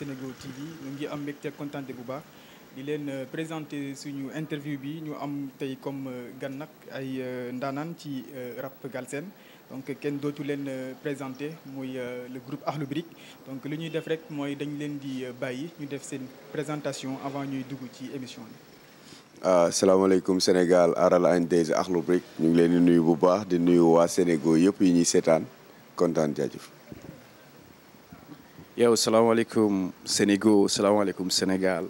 Sénégo TV ñu ngi am mbégte kontante bu baax di leen euh, présenter suñu interview bi ñu am tey comme euh, gan nag ay euh, ndaanaan ci rap galsen donc kenn dootu leen présenter muy le groupe Akhlou donc li ñuy def rek mooy dañ leen di bàyyi ñu def seen présentation avant ñuy dugg ci émission bi. asalaamaaleykum ah, Sénégal aral an des ñu ngi leen di nuyu bu baax di nuyu waa Sénégal yëpp yi ñuy seetaan kontaan jaajëf. yo salaamaaleykum Sénégal salaamaaleykum Sénégal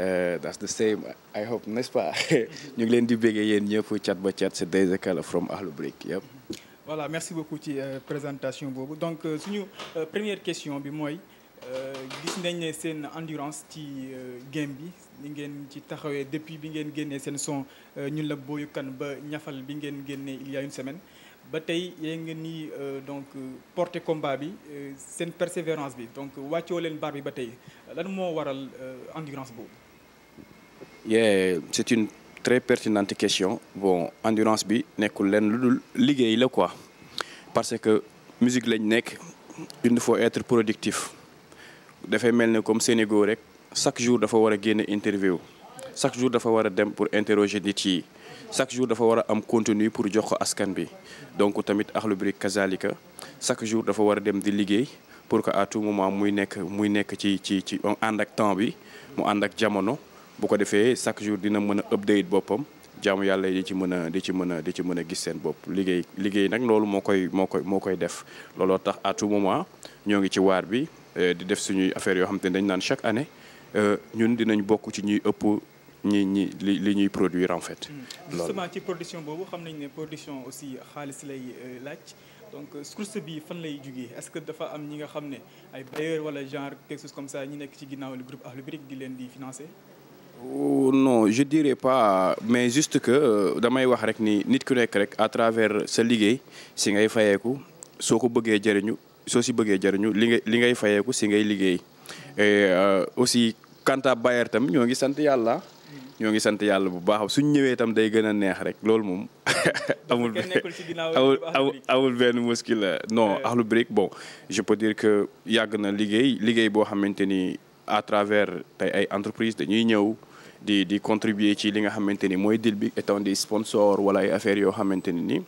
uh, that's the same I hope n'est-ce pas ñu ngi leen di béggee yéen ñëpp cat ba cat c'est Deise Kala from Akhlou Brick yëpp. voilà merci beaucoup ci euh, présentation boobu donc euh, suñu euh, première question bi mooy gis nañ ne seen endurance ci game bi ni ngeen ci taxawee depuis bi ngeen génnee seen son ñu la booyukan ba ñafal bi ngeen génne il y une semaine. ba tey yéen ngeen ni euh, donc euh, porte combat bi euh, seen persévérance bi donc wàccoo leen baar bi ba tey lan moo waral endurance boobu. yeah c'est une très pertinente question bon endurance bi nekkul leen lu dul liggéey la quoi parce que musique lañ nekk il foo être productif dafay mel ni comme Sénégal rek chaque jour dafa war a génne interview chaque jour dafa war a dem pour interroger nit yi. chaque jour dafa war a am contenu pour jox ko askan bi donc tamit Akhlou Brick kazalika chaque jour dafa war a dem di liggéey pour que à tout moment muy nekk muy nekk ci ci ci ànd ak temps bi mu ànd ak jamono bu ko defee chaque jour dina mën a update boppam jaamu yàlla yi di ci mën a di ci mën a di ci mën a gis seen bopp liggéey liggéey nag loolu moo koy moo koy moo koy def looloo tax à tout moment ñoo ngi ci waar bi euh, di def suñuy affaires yoo xam te dañ naan chaque année euh, ñun dinañ bokk ci ñuy ëpp ñi ñi li li ñuy produire en fait. Hmm. loolu ci production boobu xam nañ ne production aussi xaalis lay euh, laaj. donc euh, source bi fan lay jugee est-ce que dafa am ñi nga xam ne ay bailleurs wala genre quelque chose comme ça ñi nekk ci ginnaaw le groupe Akhlou Brick di leen di financer. Oh, non je dirais pas mais juste que euh, damay wax rek ni nit ku nekk rek à travers sa liggéey si ngay fayeeku soo ko bëggee jëriñu soo si bëggee jariñu li nga li ngay fayeeku si ngay liggéey et aussi quant à tam ñoo ngi sant yàlla. ñoo ngi sant yàlla bu baax suñ ñëwee tam day gën a neex rek loolu moom. amul awul awul benn muskil la non Akhlou Brick bon je peux dire que yàgg na liggéey liggéey boo xamante ni à travers te ay entreprise dañuy ñëw. di di contribuer ci li nga xamante ni mooy dil bi étant des sponsors wala ay affaire yoo xamante ni nii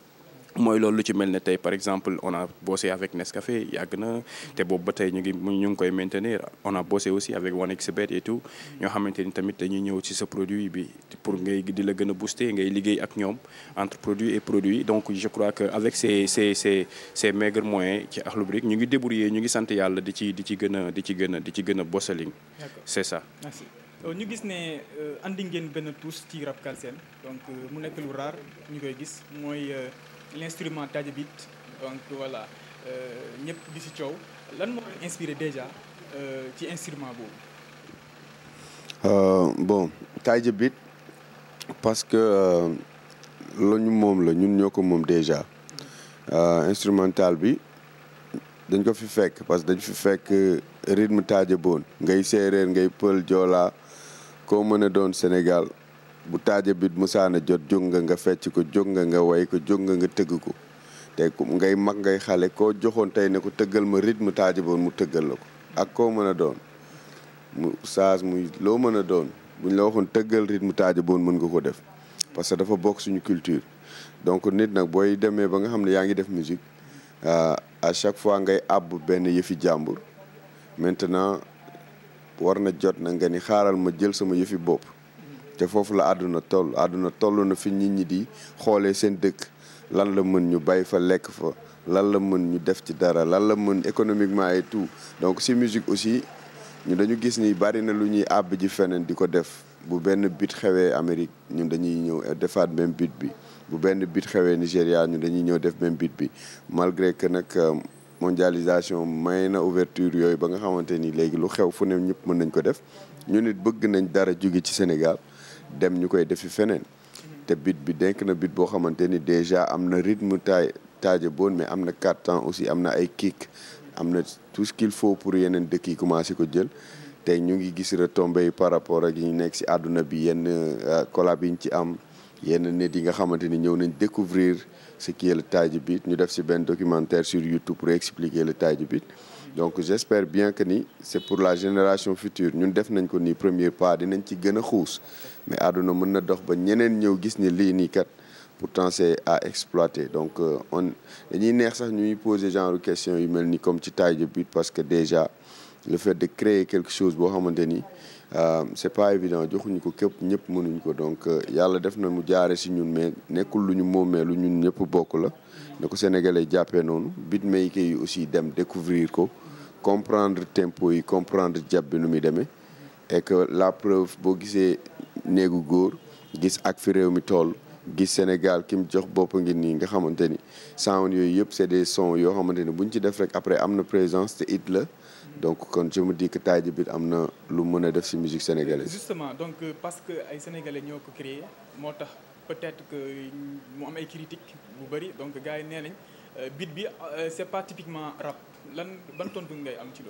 mooy loolu lu ci mel ne tey par exemple on a bossé avec Nescafé yàgg na te boobu ba tey ñu ngi ñu ngi koy maintenir on a bossé aussi avec 1xBet et tout ñoo xamante ni tamit dañuy ñëw ci sa produit bi pour ngay di la gën a booster ngay liggéey ak ñoom entre produit et produit donc je crois que avec ces ces ces ces maigres moyens ci Akhlou Brick ñu ngi débrouiller ñu ngi sant yàlla di ci di ci gën a di ci gën a di ci gën a bossaling c'est ça euh, ñu gis ne euh, andi ngeen benn tous ci Rap Galsen donc euh, mu gis mooy l'instrument tajabit donc voilà euh, ñëpp di si coow lan moo leen inspiré déjà euh, ci instrument boobu. Euh, bon tajabit parce que la ñu moom la ñun ñoo ko moom déjà instrumental bi dañ ko fi fekk parce que dañ fi fekk rythme taajaboon ngay séeréer ngay pël joola koo mën a doon Sénégal. bu taaja bit musaana jot jóg nga nga fecc ko jóg nga nga way ko jóg nga nga tëgg ko te ngay mag ngay xale koo joxoon tey ne ko tëggal ma rythme taaja boon mu tëggal la ko ak koo mën a doon mu saas muy loo mën a doon buñ la waxoon tëggal rythme taaja boon mën nga ko def parce que dafa bokk suñu culture donc nit nag booy demee ba nga xam ne yaa ngi def musique euh, à chaque fois ngay àbb benn yëfi jàmbur maintenant war na jot na nga ni xaaral ma jël sama yëfi bopp te foofu la àdduna toll àdduna toll na fi nit ñi di xoolee seen dëkk lan la mën ñu bàyyi fa lekk fa lan la mën ñu def ci dara lan la mën économiquement et tout donc si musique aussi ñu dañu gis ni bari na lu ñuy àbb ji feneen di ko def bu benn bit xewee Amérique ñun dañuy ñëw defaat même bi bu benn bit xewee Nigéria ñun dañuy ñëw def même bit bi malgré que nag euh, mondialisation may na ouverture yooyu ba nga xamante ni léegi lu xew fu ne ñëpp mën nañ ko def ñu nit bëgg nañ dara jóge ci Sénégal dem ñu koy defi feneen mhm. te bit bi denk na bit boo xamante ni déjà am na rythme taay taaja boon mais am na quatre temps aussi am na ay kick am na tout ce qu'il faut pour yeneen dëkk yi commencé ko jël tey ñu ngi gis retombées yi par rapport ak yi nekk ci àdduna bi yenn euh, collab yi ñu ci am yenn nit yi nga xamante ni ñëw nañ découvrir ce qui est le taaj ñu def ci benn documentaire sur YouTube pour expliquer la taaj beat donc j'espère bien que ni c'est pour la génération future ñun def nañ ko nii premier pas dinañ ci gën a xuus mais àdduna mën na dox ba ñeneen ñëw gis ni lii nii kat pourtant c'est à exploiter donc euh, on dañuy neex sax ñuy poser genre question yu mel ni comme ci taille de parce que déjà le fait de créer quelque chose boo xamante ni euh, c'est pas évident joxuñu ko képp ñëpp mënuñ ko donc euh, yàlla def na mu jaare si ñun mais nekkul lu ñu moom moomee lu ñun ñëpp bokk la na ko sénégalais jàppee noonu beatmaker yi aussi dem découvrir ko comprendre tempo yi comprendre jab bi nu muy demee et que la preuve boo gisee néegu góor gis ak fi réew mi toll gis Sénégal ki mu jox bopp ngi nii nga xamante ni sound yooyu yëpp c'est des sons yoo xamante ni bu ñu ci def rek après am na présence te it la donc kon je mu dikk que Taïdi am na lu mën a def ci musique sénégalaise. justement donc euh, parce que ay sénégalais ñoo ko créé moo tax peut-être que mu am ay critiques bu bëri donc gars yi nee nañ euh, beat bi euh, c'est pas typiquement rap. lan ban tontu am ci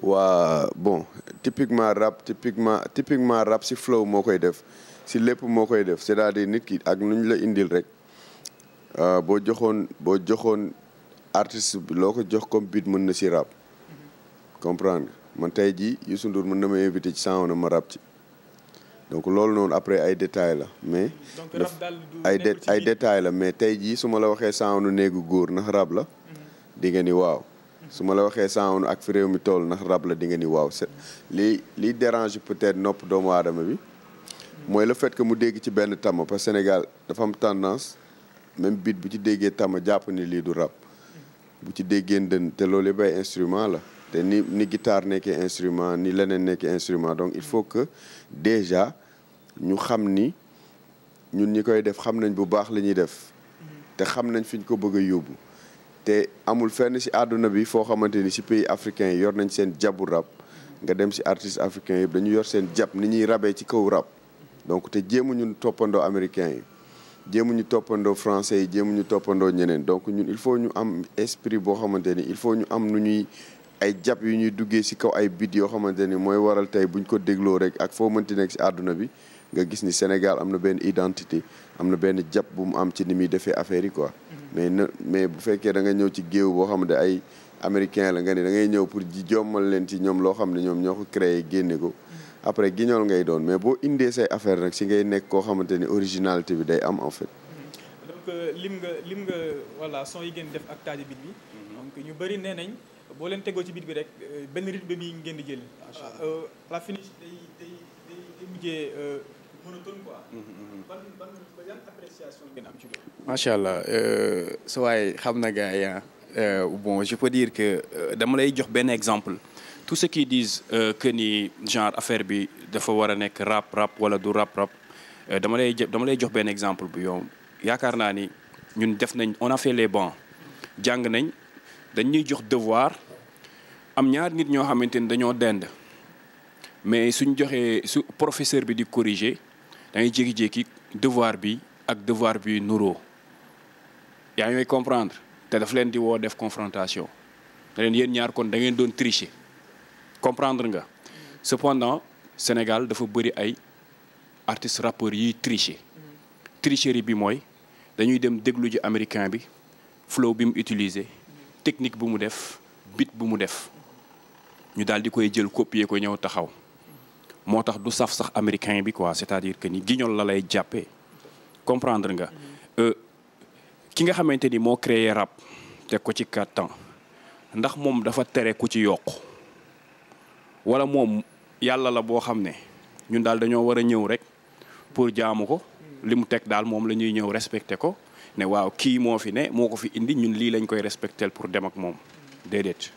waa bon typiquement rap typiquement typiquement rap si flow moo koy def si lépp moo koy def c'est-à-dire nit ki ak nu ñu la indil rek euh, boo joxoon boo joxoon artiste bi loo ko jox comme bit mën na si rap. comprendre man tey jii yu Ndour mën na ma invité ci sans na ma rap ci donc loolu noonu après ay détails la mais. donc ay ay détails la mais tey jii su ma la waxee sans nu néegu góor ndax rab la. Mm-hmm. di ni waaw. su ma la waxee sànq ak fi réew mi tool ndax rab la di nga ni waaw set li liy dérange peut-être nopp doomu aadama bi mooy la fait que mu dégg ci benn tama parce Sénégal dafa am tendance même bit bu ci déggee tama jàpp ni lii du rab bu ci déggee ndën te loolu bay instrument la te ni ni guitare nekkee instrument ni leneen nekkee instrument donc il faut que déjà ñu xam ni ñun ñi koy def xam nañ bu baax li ñuy def te xam nañ fi ñu ko bëgg a yóbbu te amul fenn si àdduna bi foo xamante ni si pays africain yi yor nañ seen jabu rab nga dem si artiste africain yëpp dañu yor seen jab ni ñuy rabee ci kaw rab donc te jéemuñu toppandoo américain yi ñu toppandoo français yi ñu toppandoo ñeneen donc ñun il faut ñu am esprit boo xamante ni il faut ñu am nu ñuy ay jàpp yu ñuy duggee si kaw ay bit yoo xamante ni mooy waral tey bu ñu ko dégloo rek ak foo mënti nekk si àdduna bi nga gis ni Sénégal am na benn identité am na benn jàpp bu mu am ci ni muy defee affaire yi quoi. Mm-hmm. mais na mais bu fekkee da ñëw ci géew boo xam ne ay américain la nga ne da ngay ñëw pour ji jommal leen ci ñoom loo xam ne ñoom ñoo ko créé génne ko. Mm-hmm. après guignol ngay doon mais boo indee say affaire nag si ngay nekk koo xamante ni originalité bi day am en mm-hmm. euh, lim nga lim nga voilà son yi génn def ak taaji bit bi. donc ñu bëri nee nañ boo leen tegoo ci biit bi rek euh, benn rythme bi ngeen di jël. Euh, la finish day Mm-hmm, mm-hmm. macha allah euh, su waay xam na gars yi euh, bon je peux dire que euh, dama lay jox benn exemple tous ceux qui disent que ni genre affaire bi dafa war a nekk rap rap wala du rap rap dama lay dama lay jox benn exemple bu yow yaakaar naa ni ñun def nañ on a les bancs jàng nañ dañ jox devoir am ñaar nit ñoo xamante ni dañoo dend mais suñ joxee su professeur bi di corriger. da ngay jékki-jékki devoir bi ak devoir bi nuroo yaa ngi may comprendre te daf leen di woo def confrontation da leen yéen ñaar kon da ngeen doon tricher comprendre nga cependant Sénégal dafa bëri ay artistes rapport yiy tricher tricherie bi mooy dañuy dem déglu ji américain bi flow bi mu utiliser technique bu mu def beat bu mu def ñu daal di koy jël copier ko ñëw taxaw moo tax du saf sax américain bi quoi c'est-à-dire que ni guignol la lay jàppee comprendre nga mm-hmm. euh, ki nga xamante ni moo créé rap teg ko ci quatre ans ndax moom dafa tere ku ci yokk wala moom yàlla la boo xam ne ñun daal dañoo war a ñëw rek pour jaamu ko mm-hmm. li mu teg daal moom la ñuy ñëw respecté ko ne waaw kii moo fi ne moo ko fi indi ñun lii lañ koy respectel pour dem ak moom mm-hmm. déedéet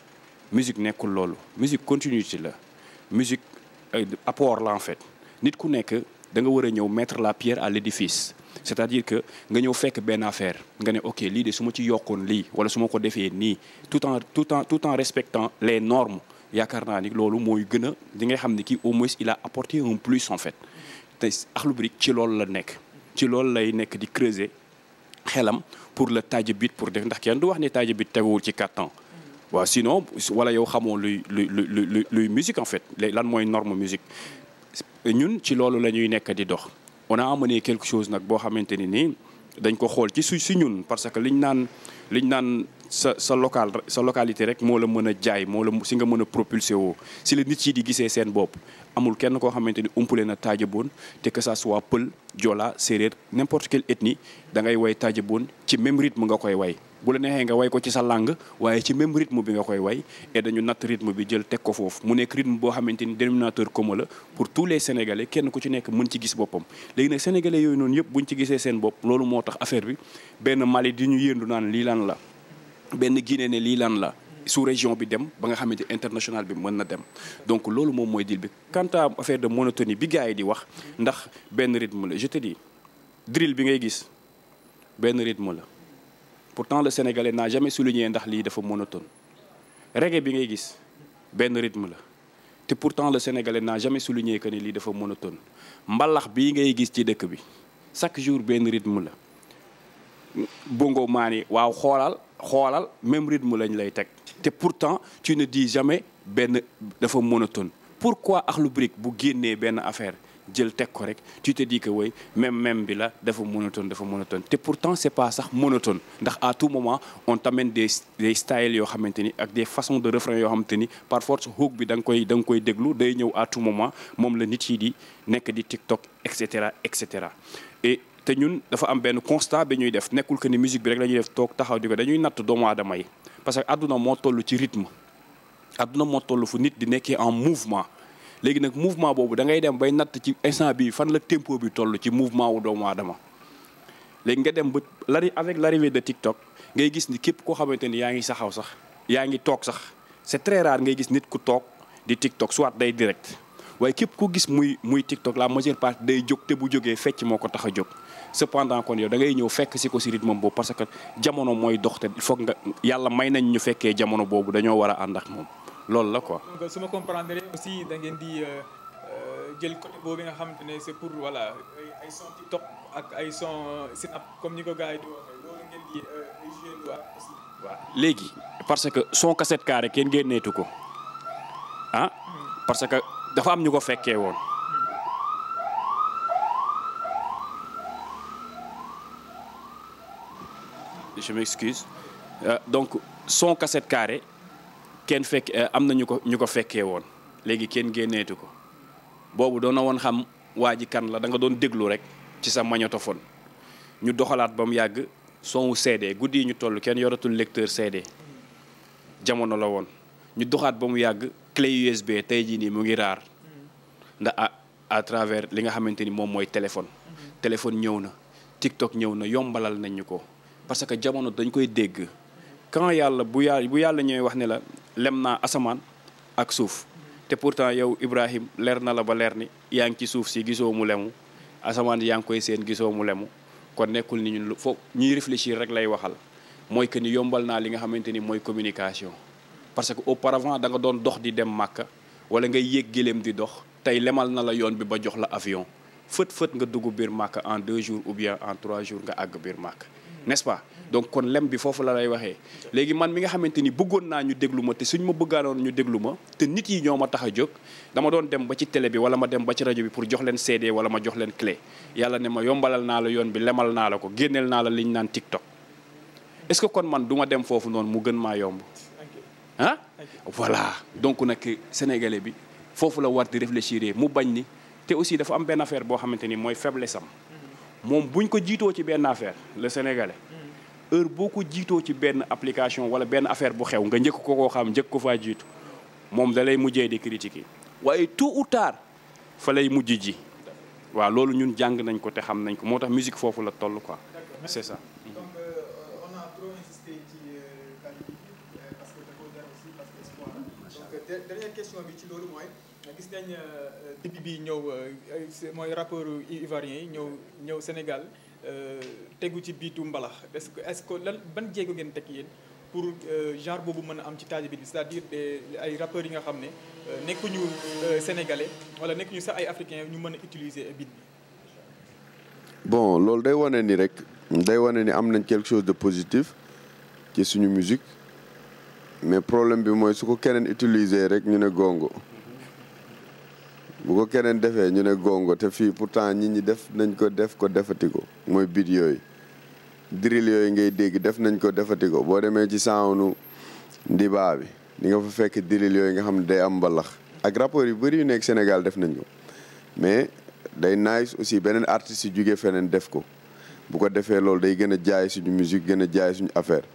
musique nekkul loolu musique continuité la musique apport la en fait nit ku nekk da nga war a ñëw mettre la pierre à l'édifice c'est-à-dire que nga ñëw fekk benn affaire nga ne ok lii de su ma ci yokkoon lii wala su ma ko defee nii tout en tout en tout en respectant les normes yaakaar naa ni loolu mooy gën a di nga xam ne kii au moins il a apporté un plus en fait te Akhlou Brick ci loolu la nekk ci loolu lay nekk di creuser xelam pour le taaj bit pour def ndax kenn du wax ne taaj bit teguwul ci 4 ans waaw sinon wala yow xamoo luy luy luy luy musique en fait lan mooy norme musique ñun ci loolu la ñuy nekk di dox. on a amené quelque chose nag boo xamante ni nii dañ ko xool ci su si ñun parce que liñ naan liñ naan sa sa local sa localité rek moo la mën a jaay moo la si nga mën a propulser woo si la nit yi di gisee seen bopp amul kenn koo xamante ni umpule na taajaboon te que sa soit pël jola séeréer n'importe quelle ethnie da ngay way taajaboon ci même rythme nga koy way bu la neexee nga way ko ci sa langue waaye ci même rythme bi nga koy way et dañu natt rythme bi jël teg ko foofu mu nekk rythme boo xamante ni dénominateur commun la pour tous les sénégalais kenn ku ci nekk mën ci gis boppam léegi nag sénégalais yooyu noonu yëpp buñ ci gisee seen bopp loolu moo tax affaire bi benn Mali di ñu yéendu naan lii la benn Guinée ne lii lan la sous région bi dem ba nga xamante international bi mën na dem donc loolu moom mooy deal bi quant à affaire de monotonie bi gars yi di wax ndax benn rythme la je te dis drill bi ngay gis benn rythme la pourtant le sénégalais n'a jamais souligné ndax lii dafa monotone reggae bi ngay gis benn rythme la te pourtant le sénégalais n'a jamais souligné que ni lii dafa monotone mbalax bii ngay gis ci dëkk bi chaque jour benn rythme la bongo maa waaw xoolal xoolal même rythme lañ lay teg te pourtant tu ne dis jamais benn dafa monotone pourquoi Akhlou Brick bu génnee benn affaire jël teg ko rek tu di ko que woy même même bi la dafa monotone dafa monotone te pourtant c'est pas sax monotone ndax à tout moment on t'amène des des styles yoo xamante ni ak des façon de refrain yoo xamante ni par force hook bi danga koy da koy déglu day ñëw à tout moment moom la nit yi di nekk di TikTok et cetera et cetera te ñun dafa am benn constat bi ñuy def nekkul que ni musique bi rek la ñuy def toog taxaw di ko dañuy natt doomu aadama yi parce que àdduna moo tollu ci rythme àdduna moo toll fu nit di nekkee en mouvement léegi nag mouvement boobu dangay dem bay natt ci instant bi fan la tempo bi tollu ci mouvement wu doomu aadama léegi nga dem ba lari avec l'arrivée de TikTok ngay gis ni képp koo xamante ni yaa ngi saxaw sax yaa ngi toog sax c'est très rare ngay gis nit ku toog di TikTok soit day direct waaye képp ku gis muy muy TikTok la majeure partie day jóg te bu jógee fecc moo ko tax a jóg cependant kon yow da ngay ñëw fekk si ko si rythme boobu parce que jamono mooy dox te il nga yàlla may nañ ñu fekkee jamono boobu dañoo war a ànd ak moom loolu la quoi. donc su ma comprendre da ngeen di euh, euh, jël côté boobu nga xamante ne c'est pour voilà ay ak ay son euh, Snap comme ni ko gars yi di waxee loolu ngeen parce que son cassette carré kenn génneetu ko ah. Hmm. parce que dafa am ñu ko fekkee woon. je m'excuse euh, donc son cassette carré kenn fekk euh, am na ñu ko ñu ko fekkee woon léegi kenn génneetu ko boobu doon na woon xam waa ji kan la da doon déglu rek ci sa magnétophone ñu doxalaat ba mu yàgg son wu CD guddi ñu toll kenn yoratul lecteur CD jamono la woon ñu doxaat ba mu yàgg clé USB tey jii nii mu ngi raar ndax à à travers li nga xamante ni moom mooy téléphone mm-hmm. téléphone ñëw na TikTok ñëw na yombalal nañ ñu ko parce que jamono dañ koy dégg quand yàlla bu yàlla bu yàlla ñooy wax ne la lem na asamaan ak suuf te pourtant yow Ibrahim leer na la ba leer ni yaa ngi ci suuf si gisoo mu lemu asamaan yaa ngi koy seen gisoo mu lemu kon nekkul ni lu foog ñuy réfléchir rek lay waxal mooy que ni yombal naa li nga xamante ni mooy communication parce que auparavant da nga doon dox di dem màkka wala ngay yéeg gëléem di dox tey lemal na la yoon bi ba jox la avion fët fët nga dugg biir en deux jours bien en trois jours nga àgg biir n'est-ce pas donc kon lem bi foofu la lay waxee léegi man mi nga xamante ni bëggoon naa ñu déglu ma te suñ ma bëggaanoon ñu déglu ma te nit yi ñoo ma tax a jóg dama doon dem ba ci télé bi wala ma dem ba ci rajo bi pour jox leen CD wala ma jox leen clé yàlla ne ma yombalal naa la yoon bi lemal naa la ko génneel naa la liñ naan TikTok est-ce que kon man duma dem foofu noonu mu gën maa yomb ah voilà donc nag sénégalais bi foofu la war di réfléchir mu bañ ni te aussi dafa am benn affaire boo xamante ni mooy faiblesse am moom buñ ko jiitoo ci benn affaire la sénégalais heure boo ko jiitoo ci benn application wala benn affaire bu xew nga njëkk ko ko xam njëkk ko faa jiitu moom da mujjee di critiquer waaye tôt ou tard fa mujj ji waaw loolu ñun jàng nañ ko te xam nañ ko moo tax musique foofu la toll quoi c'est ça euh, gis nañ euh, début bi ñëw euh, mooy rapport ivoirien yi ñëw ñëw Sénégal euh, tegu ci biitu mbalax est-ce que est-ce que lan ban jéego ngeen teg yéen pour genre boobu mën a am ci taalibe bi c'est-à-dire ay rappeurs yi nga xam ne nekkuñu sénégalais wala nekkuñu sax ay africains ñu mën a utiliser beat bi. bon loolu day wane ni rek day wane ni am nañ quelque chose de positif ci suñu musique mais problème bi mooy su ko keneen utiliser rek ñu ne gongo. bu ko keneen defee ñu ne gongo te fii pourtant nit ñi def nañ ko def ko defati ko mooy bit yooyu drill yooyu ngay dégg def nañ ko defati boo demee ci saawnu ndibaa bi di nga fa fekk drill yooyu nga xam ne day am mbalax ak rapport yu bëri yu nekk Sénégal def nañ ko mais day nice aussi beneen artiste yu jógee feneen def ko bu ko defee loolu day gën a jaay suñu musique gën a jaay suñu affaire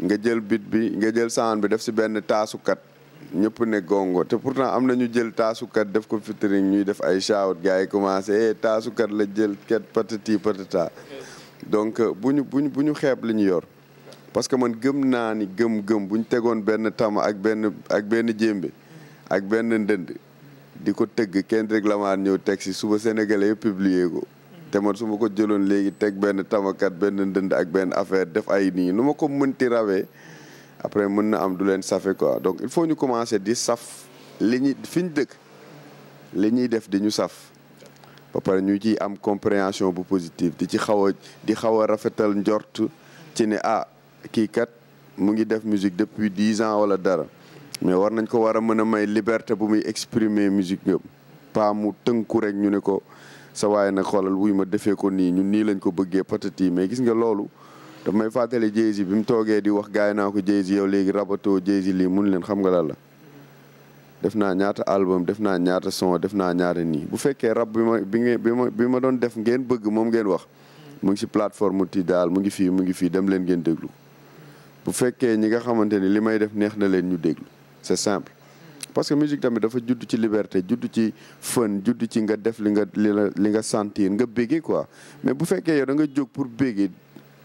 nga jël bit bi nga jël sound bi def si benn taasukat ñëpp ne gongo te pourtant am na ñu jël taasukat def ko featuring ñuy def ay shout gars yi commencé eh, taasukat la jël kat patati patata donc euh, bu ñu bu ñu bu ñu xeeb li ñu yor parce que man gëm naa ni gëm-gëm bu ñu tegoon benn tam ak benn ak benn jéembe ak benn ndënd di ko tëgg kenn rek lamaan ñëw teg si suba sénégalais yëpp publier ko te man suma ko jëloon léegi teg benn tamakat benn ndënd ak benn affaire def ay nii nu ma ko mënti rawee après mën na am du leen safe quoi donc il faut ñu commencer di saf li ñuy fi ñu dëkk li ñuy def di ñu saf ba pare ñu ciy am compréhension bu positive di ci xaw a di xaw a rafetal njort ci ne ah kii kat mu ngi def musique depuis dix ans wala dara mais war nañ ko war a mën a may liberté bu muy exprimer musique yëpp pas mu tënku rek ñu ne ko sa waaye na xoolal wuy ma defee ko nii ñun nii lañ ko bëggee patati mais gis nga loolu damay may fàttali jay bi mu toogee di wax gaay naa ko jay yow léegi rabato jay lii mun leen xam nga lan la def naa ñaata album def naa ñaata son def naa ñaata nii bu fekkee rab bi ma bi ngeen bi ma bi ma doon def ngeen bëgg moom ngeen wax mu ngi si plateforme daal mu ngi fii mu ngi fii dem leen ngeen déglu bu fekkee ñi nga xamante ni li may def neex na leen ñu déglu c'est simple parce que musique tamit dafa judd ci liberté judd ci fun judd ci nga def li nga li nga sentir nga béggee quoi mais bu fekkee da nga jóg pour béggee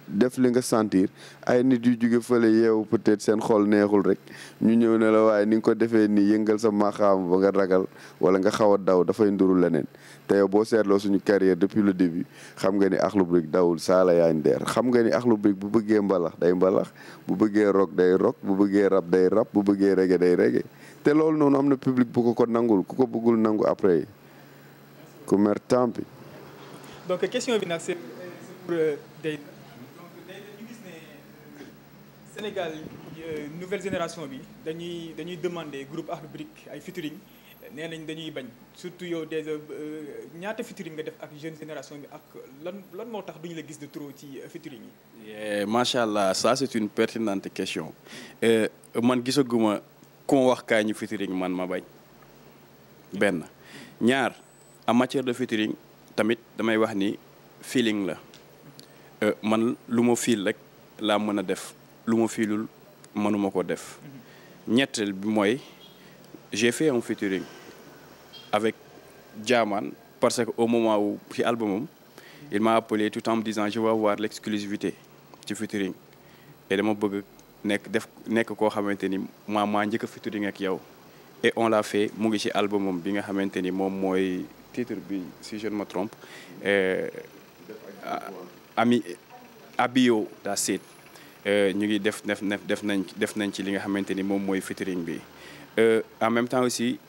def li nga sentir ay nit yu jóge fële yeewu peut-être seen xol neexul rek ñu ñëw ne la waaye ni nga ko defee nii yëngal sa maxaam ba nga ragal wala nga xaw a daw dafay nduru leneen te yow boo seetloo suñu carrière depuis le début xam nga ni Akhlou Brick dawul saala yaañ deer xam nga ni Akhlou Brick bu bëggee mbalax day mbalax bu bëggee rock day rock bu bëggee rab day rap bu bëggee reggae day reggae te loolu noonu am na public bu ko ko nangul ku ko bëggul nangu après ku Sénégal euh, nouvelle génération bi dañuy dañuy demander groupe Akhlou Brick ay featuring nee nañ dañuy bañ surtout yow déjà euh, ñaata featuring nga def ak jeune génération bi ak lan lan moo tax duñu la gis de trop ci euh, featuring yi. macha allah ça c'est une pertinente question man gisaguma ku wax kaañu ñu man ma bañ benn ñaar en matière de featuring tamit damay wax ni fiiling la man lu ma feel rek laa mën a def. lu ma fiilul mënuma ko def ñetteel bi mooy j'ai fait un featuring avec Diamane parce que au moment wu ci albumam il m'a appelé tout en me disant je ci featuring et dama bëgg nekk def nekk koo xamante ni maa maa njëkk a ak yow et on l'a fait mu ngi ci albumam bi nga xamante ni moom mooy titre bi si je ne me ami Abio da Seet Euh, ñu ngi def def def nañ def nañ ci li nga xamante ni moom mooy featuring bi euh, en même temps aussi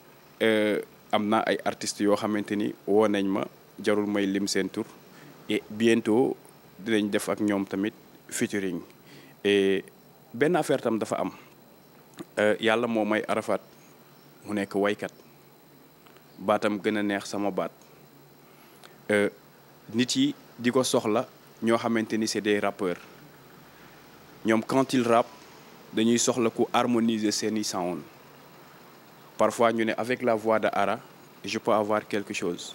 euh, am na ay artistes yoo xamante ni woo nañ ma jarul may lim seen tur et dinañ def ak ñoom tamit featuring benn affaire tam dafa am yàlla moo may Arafat mu nekk waykat baatam gën a neex sama baat nit yi di ko soxla ñoo xamante ni c'est des rappeurs ñoom quand ils dañuy soxla ku harmoniser seeni sound parfois ñu ne avec la voix de Ara je peux avoir quelque chose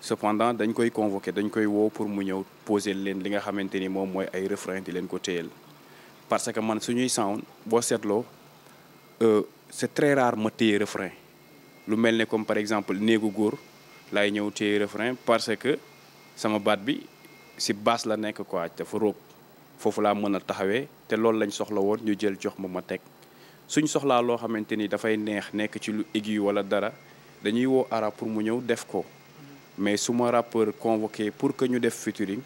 cependant dañ koy convoqué dañ koy woo pour mu ñëw poser leen li nga xamante ni moom mooy ay refrain di leen ko téyel parce que man suñuy sound boo seetloo euh, c'est très rare ma téye refrain lu mel ne comme par exemple néegu góor laay ñëw téye refrain parce que sama baat bi si basse la nekk quoi dafa roog foofu laa mën a taxawee te loolu lañ soxla woon ñu jël jox ma ma teg suñ soxlaa loo xamante ni dafay neex nekk ci lu aigu wala dara dañuy woo arab pour mu ñëw def ko mais su ma rappeur convoqué pour que ñu def featuring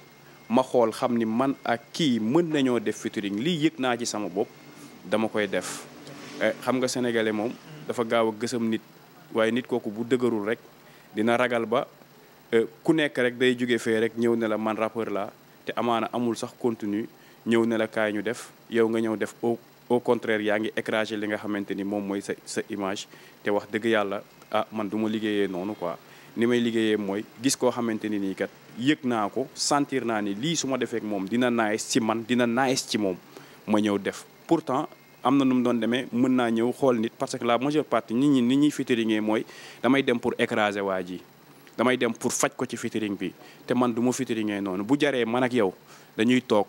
ma xool xam ni man ak kii mën nañoo def featuring lii yëg naa ci sama bopp dama koy def eh, xam nga sénégalais moom dafa gaaw a gësëm nit waaye nit kooku bu dëgërul rek dina ragal ba eh, ku nekk rek day jóge fee rek ñëw ne la man rappeur laa te amaana amul sax continue ñëw ne la kaay ñu def yow nga ñëw def au au contraire yaa ngi écrasé li nga xamante ni moom mooy sa sa image te wax dëgg yàlla ah man du ma liggéeyee noonu quoi ni may liggéeyee mooy gis koo xamante ni nii kat yëg naa ko sentir naa ni lii su ma defee moom dina nice ci man dina nice ci moom ma ñëw def pourtant am na nu mu doon demee mën naa ñëw xool nit parce que la majeure partie nit ñi nit ñuy featuringee mooy damay dem pour écraser waa ji damay dem pour faj ko ci featuring bi te man du ma featuringee noonu bu jaree man ak yow dañuy toog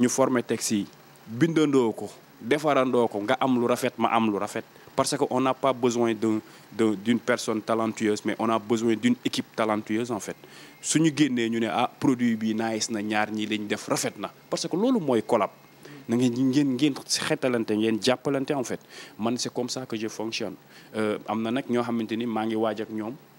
ñu forme texte yi bindandoo ko defarandoo ko nga am lu rafet ma am lu rafet parce que on n'a pas besoin d'un de d'une personne talentueuse mais on a besoin d'une équipe talentueuse en fait suñu génnee ñu ne ah produit bi nice na ñaar ñi lañ def rafet na parce que loolu mooy collab na ngeen ngeen ngeen xetalante ngeen jàppalante en fait man c'est comme ça que euh, am na nag ñoo xamante ni maa ngi waaj ak ñoom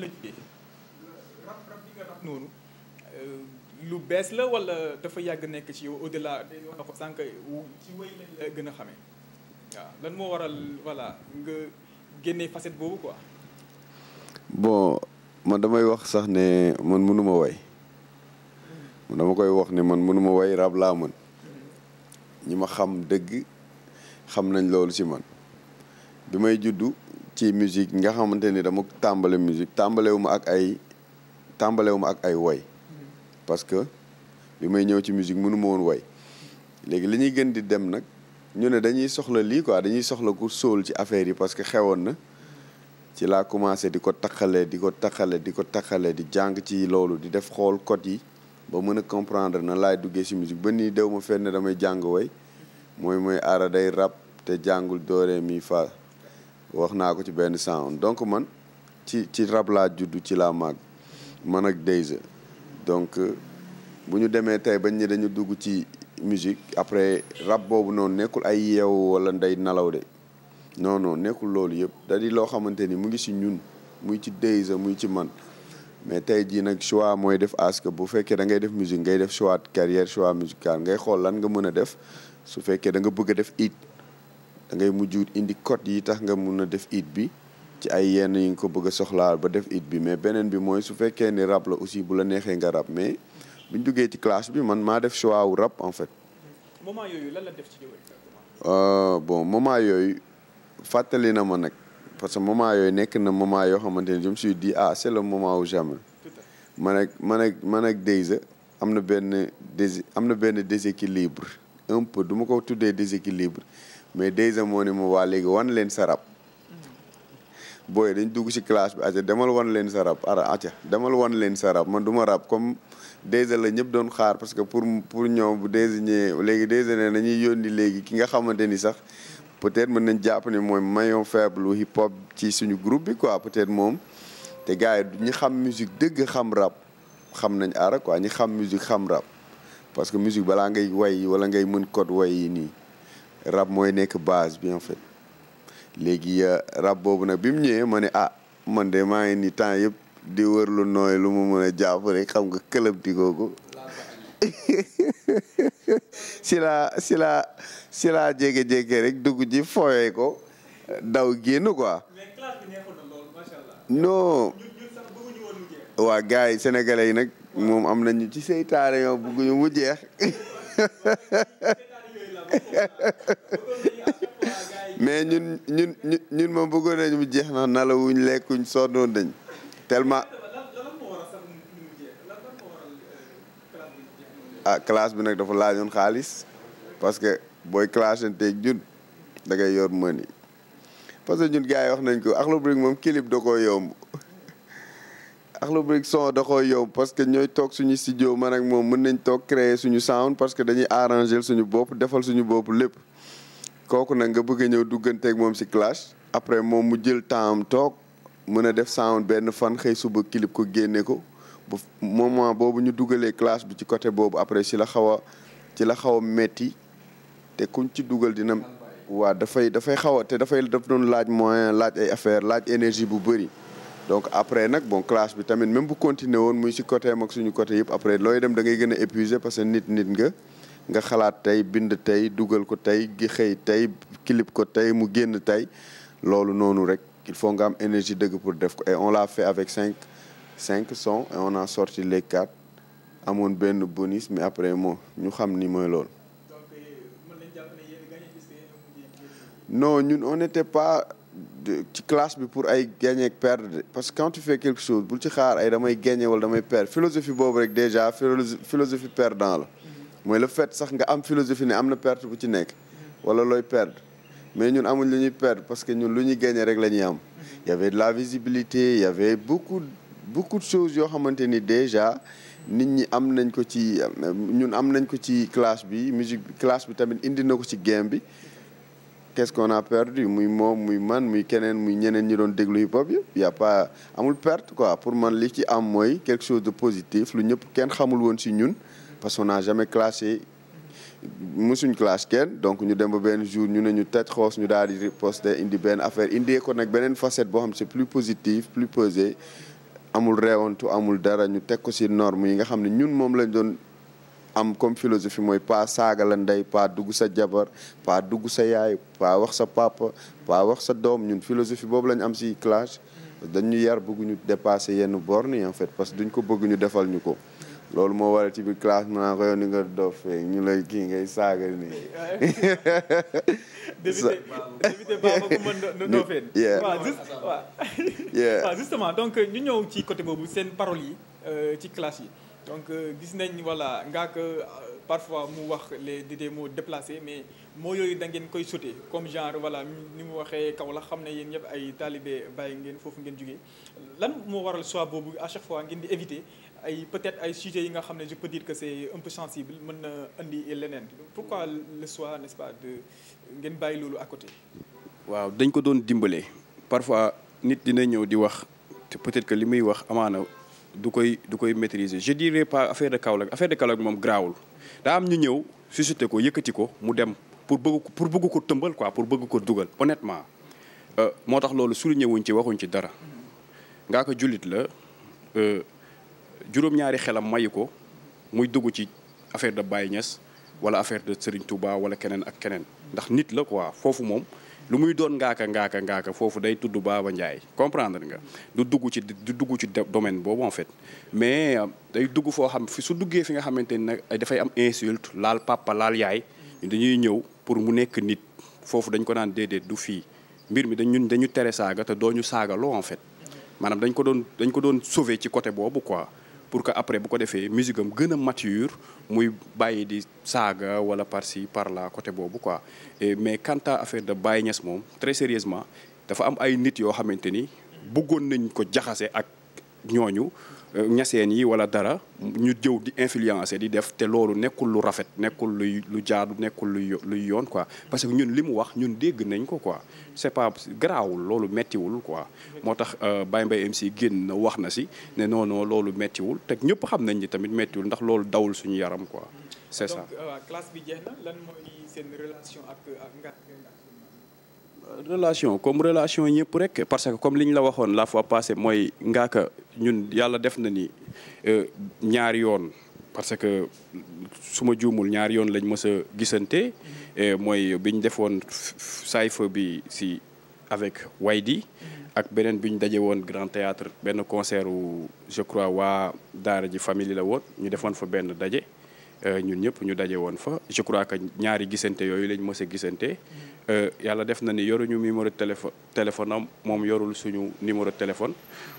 la jugee. lu bees la wala dafa yàgg nekk ci yow au delà sànq ci wéy lañ gën a xamee. waaw lan moo waral voilà nga génnee facette boobu quoi. bon man damay wax sax ne man mënuma way dama koy wax ne man mënuma way rab laa mën ñi ma xam dëgg xam nañ loolu ci man bi may juddu. ci musique nga xamante ni dama tàmbale musique tàmbalewu ma ak ay tàmbalewuma ak ay woy parce que bi may ñëw ci musique mënu ma woon woy léegi li ñuy gën di dem nag ñu ne dañuy soxla lii quoi dañuy soxla ku sóol ci affaire yi parce que xewoon na ci laa commencé di ko taxalee di ko taxalee di ko taxalee di jàng ci loolu di def xool code yi ba mën a comprendre na laay duggee si musique ba nii dew ma fenn damay jàng woy mooy mooy aara day rap te jàngul dooree mi fa wax naa ko ci benn sound donc man ci ci rab laa juddu ci laa mag man ak Dayza donc euh, bu ñu demee tey bañ ni dañu dugg ci musique après rab boobu noonu nekkul ay yeewu wala nday nalaw de non nekkul loolu yëpp da di loo xamante ni mu ngi si ñun muy ci Dayza muy ci man mais tey jii nag choix mooy def ask bu fekkee da ngay def musique ngay def choix carrière choix musical ngay xool lan nga mën a def su fekkee da nga bëgg a def it da ngay mujj indi code yi tax nga mun a def it bi ci ay yenn yi nga ko bëgg a soxlaal ba def it bi mais beneen bi mooy su fekkee ni rab la aussi bu la neexee nga rab mais buñ duggee ci classe bi man maa def choix wu rab en fait. yooyu lan def ci yow euh, bon moment yooyu fàttali na ma nag parce que moment yooyu nekk na moment yoo xamante ne je me suis dit ah c' est le moment ou jamais. man ak man ak man ak Deyza am na benn dés am na benn déséquilibre un peu du ma ko tuddee déséquilibre. mais déjà moo ne ma waa léegi wan leen sa rab booy dañ dugg ci classe bi aca demal wan leen sa rab ara aca demal wan leen sa rab man du ma rab comme déjà la ñëpp doon xaar parce que pour pour ñoom bu déjà ñëwee léegi déjà ne nañuy yónni léegi ki nga xamante ni sax peut-être mën nañ jàpp ne mooy maillon faible hip hop ci suñu groupe bi quoi peut-être moom te gars yi ñi xam musique dëgg xam rap xam nañ ara quoi ñi xam musique xam rap parce que musique balaa ngay wayi wala ngay mën code way nii rab mooy nekk base bi en fait léegi euh, rab boobu nag bi mu ñëwee ma ne ah man de maa ngi ni temps yëpp di wër lu nooy lu mu mën a jàpp rek xam nga këlëb di googu si la si la jege-jege rek dugg ji fooyee ko daw génn ko non waa gars yi sénégalais yi nag moom am nañu ci seytaane yoo bëgguñu mu jeex mais ñun ñun ñun moom bëggoon nañ mu jeex na nalawuñ lekkuñ sonnoon nañ tellement ah classe bi nag dafa laajoon xaalis parce que booy clashanteeg ñun da ngay yor mën yi que ñun gars yi wax nañ ko Akhlou moom clip da koo yomb Akhlou Brick son da koo yow parce que ñooy toog suñu studio ma ak moom mën nañ toog créer suñu sound parce que dañuy arranger suñu bopp defal suñu bopp lépp kooku nag nga bëgg ñëw dugganteeg moom si clash après moom mu jël temps am toog mën a def sound benn fan xëy suba kilip ko génne ko bu moment boobu ñu dugalee clash bi ci côté boobu après si la xaw a ci la xaw a metti te kuñ ci dugal dina. waa dafay dafay xaw te dafay daf doon laaj moyen laaj ay affaire laaj énergie bu bëri. donc après nag bon classe bi tamit même bu continuer woon muy si côté mag suñu côté yëpp après looy dem da ngay gën a épuisé parce que nit nit nga nga xalaat tey bind tey dugal ko tey gi xëy tey clip ko tey mu génn tey loolu noonu rek il faut nga am énergie dëgg pour def ko et on l'a fait avec cinq cinq sons et on a sorti les quatre amoon benn bonis mais après moo ñu xam ni mooy loolu euh, non ñun on n'était pas ci classe bi pour ay gagner ak perdre parce que quand tu fais quelque chose bul ci xaar ay damay gagner wala damay perdre philosophie boobu rek déjà philosophie perdant la mooy le fait sax nga am philosophie ne am na perte bu ci nekk wala looy perdre mais ñun amuñ lu ñuy perdre parce que ñun lu ñuy gagner rek la ñuy am y la visibilité il y avait beaucoup beaucoup de yoo xamante ni déjà nit ñi am nañ ko ci euh, ñun am nañ ko ci classe bi musique classe bi tamit indi na ko ci game bi qu'est-ce qu'on a perdu muy moom muy man muy keneen muy ñeneen ñi doon déglu hip hop yëpp y a pas amul perte quoi pour man li ci am mooy quelque chose de positif lu ñëpp kenn xamul woon si ñun parce qu'on n'a jamais classé musuñ classe kenn donc ñu dem ba benn jour ñu ne ñu tëj xoos ñu daal di riposter indi benn affaire indee ko nag beneen facette boo xam c'est plus positif plus pesé amul reewantu amul dara ñu teg ko si norme yi nga xam ne ñun moom lañ doon am comme philosophie mooy pas saaga la ndey pas dugg sa jabar pas dugg sa yaay pas wax sa papa pas wax sa doom ñun philosophie boobu la ñu am si classe dañu yar bëgguñu dépasser yenn bornes en fait parce que duñ ko bëgg defal ñu ko loolu moo waral ci biir classe mu ni nga dof ñu lay kii ngay saaga nii. député député donc ñu ñëw ci côté boobu seen paroles yi euh, ci classe yi. donc euh, gis nañ voilà nga que euh, parfois mu wax les des moo déplacés mais moo yooyu da ngeen koy sauté comme genre voilà ni mu waxee kaw la xam ne yéen ñëpp ay taalibe bàyyi ngeen foofu ngeen jógee lan moo waral choix boobu à chaque fois ngeen di éviter ay peut-être ay sujets yi nga xam ne je peux dire que c'est un peu sensible mën na indi leneen pourquoi le choix n'est-ce pas de ngeen bàyyi loolu à côté. waaw dañ ko doon dimbale parfois nit dina ñëw di wax te peut-être que li muy wax amaana du koy du koy maîtriser je dirais pas affaire de Kaolack affaire de Kaolack moom graawul daa am ñu ñëw suscité ko yëkkati ko mu dem pour bëgg ko pour bëgg ko tëmbal quoi pour bëgg ko dugal honnêtement euh, moo tax loolu su ñëwuñ ci waxuñ ci dara ngaa ko jullit la euh, juróom-ñaari xelam mayu ko muy dugg ci affaire de Baye Niass wala affaire de Serigne Touba wala keneen ak keneen ndax nit la quoi foofu moom lu muy doon ngaaka ngaaka ngaaka foofu day tudd Baba Ndiaye comprendre nga du dugg ci du dugg ci domaine boobu en fait mais euh, day dugg foo xam fi su duggee fi nga xamante ni nag dafay am insulte laal papa laal yaay dañuy ñëw pour mu nekk nit foofu dañ ko naan déedéet du fii mbir mi dañ ñun dañu tere saaga te doo ñu saagaloo en fait maanaam dañ ko doon dañ ko doon sauver ci côté boobu quoi pour que après bu ko defee musique am gën a mature muy bàyyi di saaga wala par ci par là côté boobu quoi mais quant affaire de bàyyi Niass moom très sérieusement dafa am ay nit yoo xamante ni bëggoon nañ ko jaxase ak ñooñu Euh, ñaseen yi wala dara ñu jëw di influencer di def te loolu nekkul lu rafet nekkul luy lu jaadu nekkul luy luy yoon quoi parce que ñun li mu wax ñun dégg nañ ko quoi c'est pas garaawul loolu mettiwul quoi moo tax euh, Baye am si génn na wax na si ne non non loolu mettiwul teg ñëpp xam nañ ni tamit mettiwul ndax loolu dawul suñu yaram quoi c'est ça euh, relation comme relation ñëpp rek parce que comme li ñu la waxoon la fois passée mooy ngaaka ñun yàlla def na ni euh, ñaari yoon parce que su ma juumul ñaari yoon lañ mës a gisante euh, mooy bi ñu defoon sayfa bi si avec Waydi ak beneen bi ñu daje woon Grand Théâtre benn concert wu je crois waa daara ji famille la woon ñu defoon fa benn daje Euh, ñun ñëpp ñu daje woon fa je crois que ñaari gisante yooyu lañ mës a gisante euh, yàlla def na ni yoruñu numéro téléphone téléphone am moom yorul suñu numéro téléphone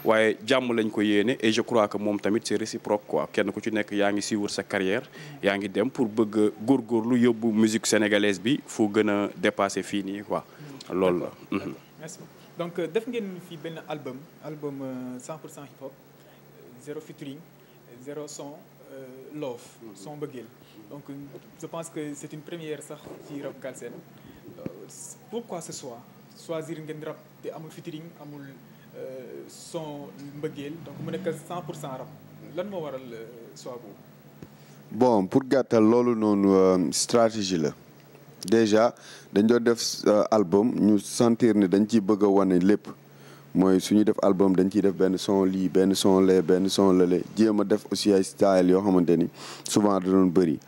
waaye jàmm lañ ko yéene et je crois que moom tamit c'est réciproque quoi kenn ku ci nekk yaa ngi suivre sa carrière yaa ngi dem pour bëgg góorlu yóbbu musique sénégalaise bi foo gën a dépasser fii nii quoi loolu la mhm. merci euh, def ngeen fi benn album album 100 pour hip hop zéro Euh, loof son mbëggeel donc je pense que c'est une première sax ci rap Galsen euh, pourquoi ce choix choisir ngeen rap te amul featuring amul euh, son mbëggeel donc mu nekk 100 pour cent rap lan moo waral choix boobu bon pour gàttal loolu noonu stratégie la déjà dañ doo def album ñu sentir ni dañ ciy bëgg wane lépp mooy su ñu def album dañ ciy def benn son lii benn son lee benn son lële jéem a def aussi ay style yoo xamante ni souvent da doon bëri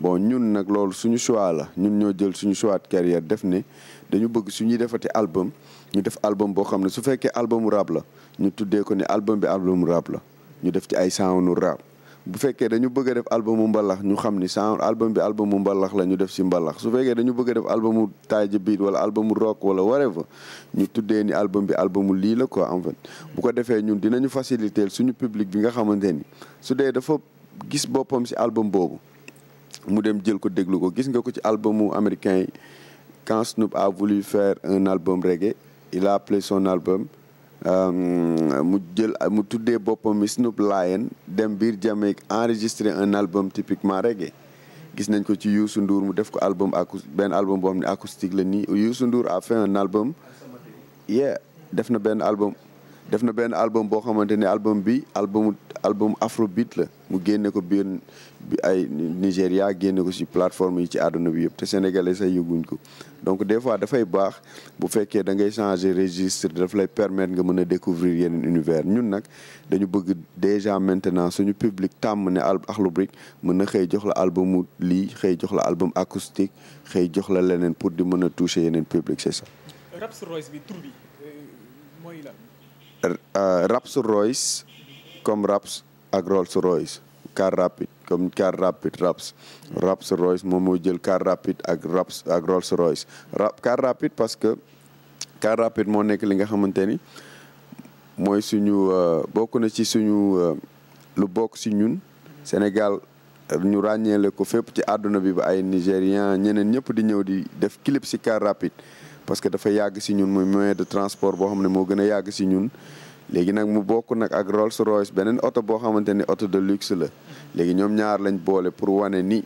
bon ñun nag loolu suñu choix la ñun ñoo jël suñu choix de def ne dañu bëgg su ñuy defati album ñu def album boo xam ne su fekkee albumu rap la ñu tuddee ko ne album bi albumu rap la ñu def ci ay soundu rap. bu fekkee dañu bëgg a def albumu mbalax ñu xam ni sans album bi albumu mbalax la ñu def si mbalax su fekkee dañu bëgg a def albumu taaja beat wala albumu rock wala whatever ñu tuddee ni album bi albumu lii la ko en bu ko defee ñun dinañu faciliter suñu public bi nga xamante ni su dee dafa gis boppam si album boobu mu dem jël ko déglu ko gis nga ko ci albumu américain yi quand Snoop a voulu faire un album reggae il a appelé son album. Euh, mu jël mu tuddee boppam Snoop Lion dem biir Jamaïque enregistré un album typiquement reggae gis nañ ko ci Youssou nduur mu def ko album acou benn album boo xam ne acoustique la nii Youssou Ndour a fait un album. yeah def na benn album def na benn album boo xamante ne album bi albumu album afrobeat la mu génne ko biir bi ay Nigéria génne ko ci plateforme yi ci àdduna bi yëpp te sénégalais say yëguñ ko donc des fois dafay baax bu fekkee da ngay changer registre daf lay permettre nga mën a découvrir yeneen univers ñun nag dañu bëgg déjà maintenant suñu public tàmm ne al Akhlou mën na xëy jox la albumu lii xëy jox la album acoustique xëy jox la leneen pour di mën a toucher yeneen public c'est ça. Raps Royce bi tur euh, euh, rapide. comme car rapide Raps Raps Royce moom moo jël car rapide ak Raps ak Rolls Royce car rapide parce que car rapide moo nekk li nga xamante ni mooy suñu euh, bokk na ci suñu euh, lu bokk si ñun Sénégal euh, ñu ràññeele ko fépp ci àdduna bi ba ay Nigérian ñeneen ñëpp di ñëw di def clip si car rapide parce que dafa yàgg si ñun muy moyen de transport boo xam ne moo gën a yàgg si ñun léegi nag mu bokk nag ak Rolls Royce beneen oto boo xamante ni oto de luxe la léegi ñoom ñaar lañ boole pour wane ni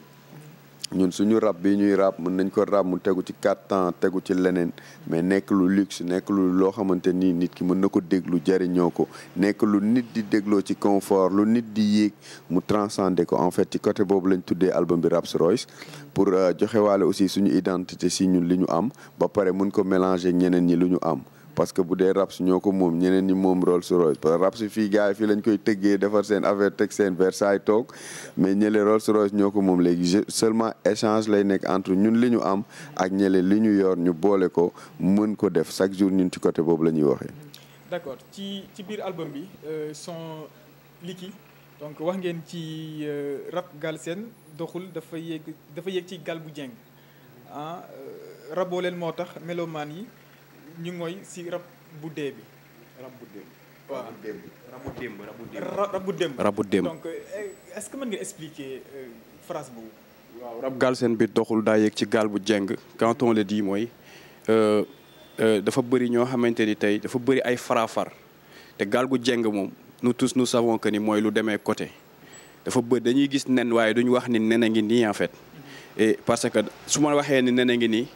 ñun suñu rab bi ñuy rap mën nañ ko rap mu tegu ci quatre ans tegu ci leneen mais nekk lu luxe nekk lu loo xamante ni nit ki mën na ko déglu jariñoo ko nekk lu nit di dégloo ci confort lu nit di yéeg mu transcender ko en fait ci côté boobu lañ tuddee album bi Raps Royce pour euh, joxe waale aussi suñu identité si ñun lu ñu am ba pare mën ko mélanger ñeneen ñi lu ñu am parce que bu dee raps ñoo ko moom ñeneen ñi moom Rolls Royce parce que raps fii gars fii lañ koy tëggee defar seen affaire teg seen Versailles toog mais ñële Rolls Royce ñoo ko moom léegi seulement échange lay nekk entre ñun li ñu am ak ñële li ñu yor ñu boole ko mën ko def chaque jour ñun ci côté boobu lañuy ñuy waxee. d'accord ci ci biir album bi euh, son liki donc wax ngeen ci rab euh, rap galsen doxul dafa yéeg dafa yéeg ci gal bu jeng ah euh, rabooleel moo tax melomaan yi. ñu mooy si rab bu dee bi rab bu dee bi waaw rabu démb rabu démb rabu démb donc euh, est-ce que mën nga expliquer euh, phrase boobu rab gaal seen biir doxul daa yéeg ci gaal bu jeng quand on le dit mooy euh, dafa bëri ñoo xamante ni tey dafa bëri ay farafar te gaal bu jeng moom nu tous nu savons que ni mooy lu demee côté dafa bëri dañuy gis nen waaye duñu wax ni nen a ngi nii en fait parce que su ma waxee ni nen a ngi nii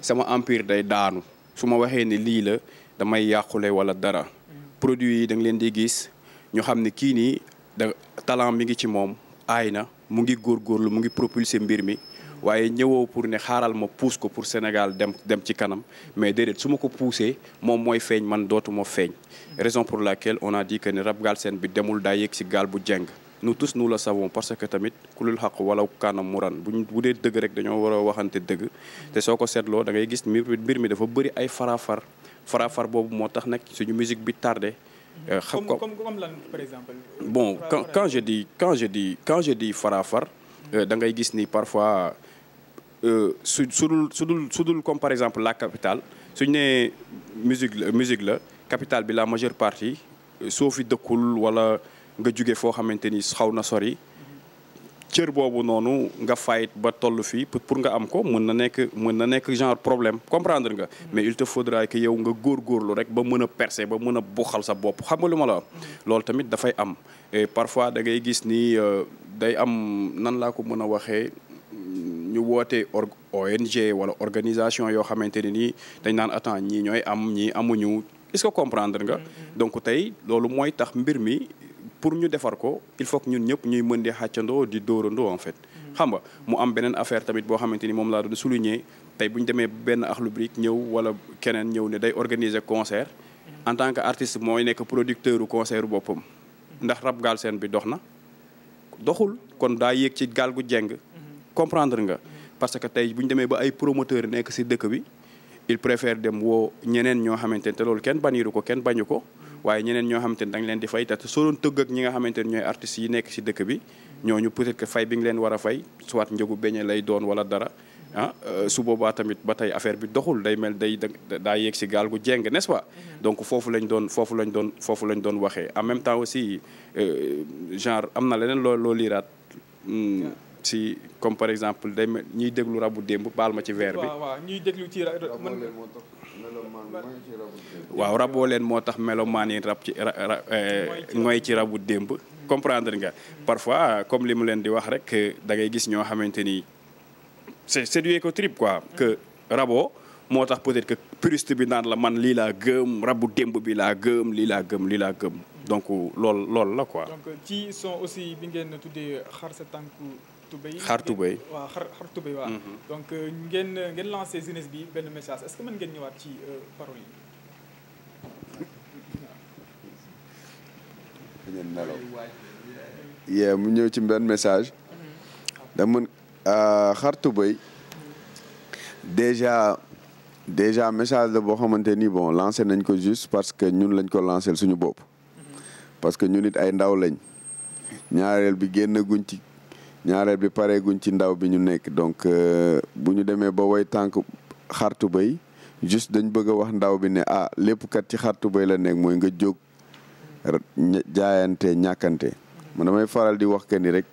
sama empire day daanu su ma waxee ne lii la damay yàqule wala dara produit yi da nga leen di gis ñu xam ne kii nii da talent mi ngi ci moom aay na mu ngi lu mu ngi propulser mbir mi waaye ñëwoo pour ne xaaral ma pousse ko pour Sénégal dem dem ci kanam mais déedéet su ma ko poussé moom mooy feeñ man dootuma feeñ raison pour laquelle on a dit que ne Rap seen bi demul daa yëg si gaal bu jeng nous tous nous la savons parce que tamit kulul xaq walaw kaana muran buñ bu dee dëgg rek dañoo war a waxante dëgg te soo ko seetloo da ngay gis mbir mi dafa bëri ay farafar farafar boobu moo tax nag suñu musique bi tardé. Euh, xam ko comme comme lan par exemple. bon quand di je di quand je dis euh, da ngay gis ni parfois euh, su sudul su dul comme par exemple la capital suñu nee musique la musique la capitale bi la majeure partie soo fi dëkkul wala. nga jóge foo xamante ni xaw na sori cër boobu noonu nga fayit ba toll fii pour nga am ko mën na nekk mën na nekk genre problème comprendre nga mm-hmm. mais il te faudra que yow nga góor góorlu rek ba mën a percer ba mën a buxal sa bopp xam nga lu ma la mm-hmm. loolu tamit dafay am et parfois da ngay gis ni euh, day am nan laa ko mën a waxee ñu woote or ONG wala organisation yoo xamante ne nii dañ naan attend ñii ñooy am ñii amuñu est-ce comprendre nga mm-hmm. donc tey loolu mooy tax mbir mi pour ñu defar ko il faut ñun ñëpp ñuy mën di xàccandoo di doorandoo en fait. xam nga mu am beneen affaire tamit boo xamante ni moom laa doon souligner tey bu ñu demee benn Akhlou Brick ñëw wala keneen ñëw ne day organiser concert. en tant que artiste mooy nekk producteur u concert boppam. ndax rab gaal seen bi dox na doxul kon daa yéeg ci gaal gu jeng. comprendre nga parce que tey bu ñu demee ba ay promoteur nekk si dëkk bi il préfère dem woo ñeneen ñoo xamante ne te loolu kenn baniiru ko kenn bañu ko. waaye ñeneen ñoo xamante ni da leen di fay te soo doon tëgg ak ñi nga xamante ni ñooy artistes yi nekk si dëkk bi ñooñu peut-être fay bi nga leen war a fay soit njëgu beñe lay doon wala dara ah euh, su boobaa tamit ba tey affaire bi doxul day mel day daa yéeg si gaal gu jeng n'est-ce pas mm-hmm. donc foofu lañ doon foofu lañ doon foofu lañ doon waxee en même temps aussi euh, genre am na leneen loo loo liiraat si hmm, comme par exemple day ñuy déglu rabu démb baal ma ci verre bi. waaw waaw ñuy déglu ci waaw raboo leen moo tax melomaan yi rab ci ngoy eh, ci rabu démb comprendre nga parfois comme li mu leen di wax rek da ngay gis ñoo xamante ni c'est c'est du éco trip quoi raboo moo tax peut-être que puriste bi naan la man lii laa gëm rabu démb bi laa gëm lii laa gëm lii laa gëm donc loolu loolu la quoi ci son aussi bi ngeen tuddee xar sa tànku xar tubéy waaw xar xar mm-hmm. donc euh, ngeen ngeen lancé jeunesse bi benn message est-ce que mën ci euh, parole ñëw ci benn message mm-hmm. da mun euh, xar tubéy déjà message la boo xamante ni bon lancé nañ ko juste parce que ñun lañ ko lancé suñu bopp mm-hmm. parce que ñun it ay ndaw lañ ñaareel bi génn guñ ci ñaareel bi pare guñ ci ndaw bi ñu nekk donc euh, bu ñu demee ba woy tànk xartu bay juste dañ bëgg a wax ndaw bi ne ah lépp kat ci xartu bay la nekk mooy nga jóg jaayante ñàkkante man damay faral di wax que ni rek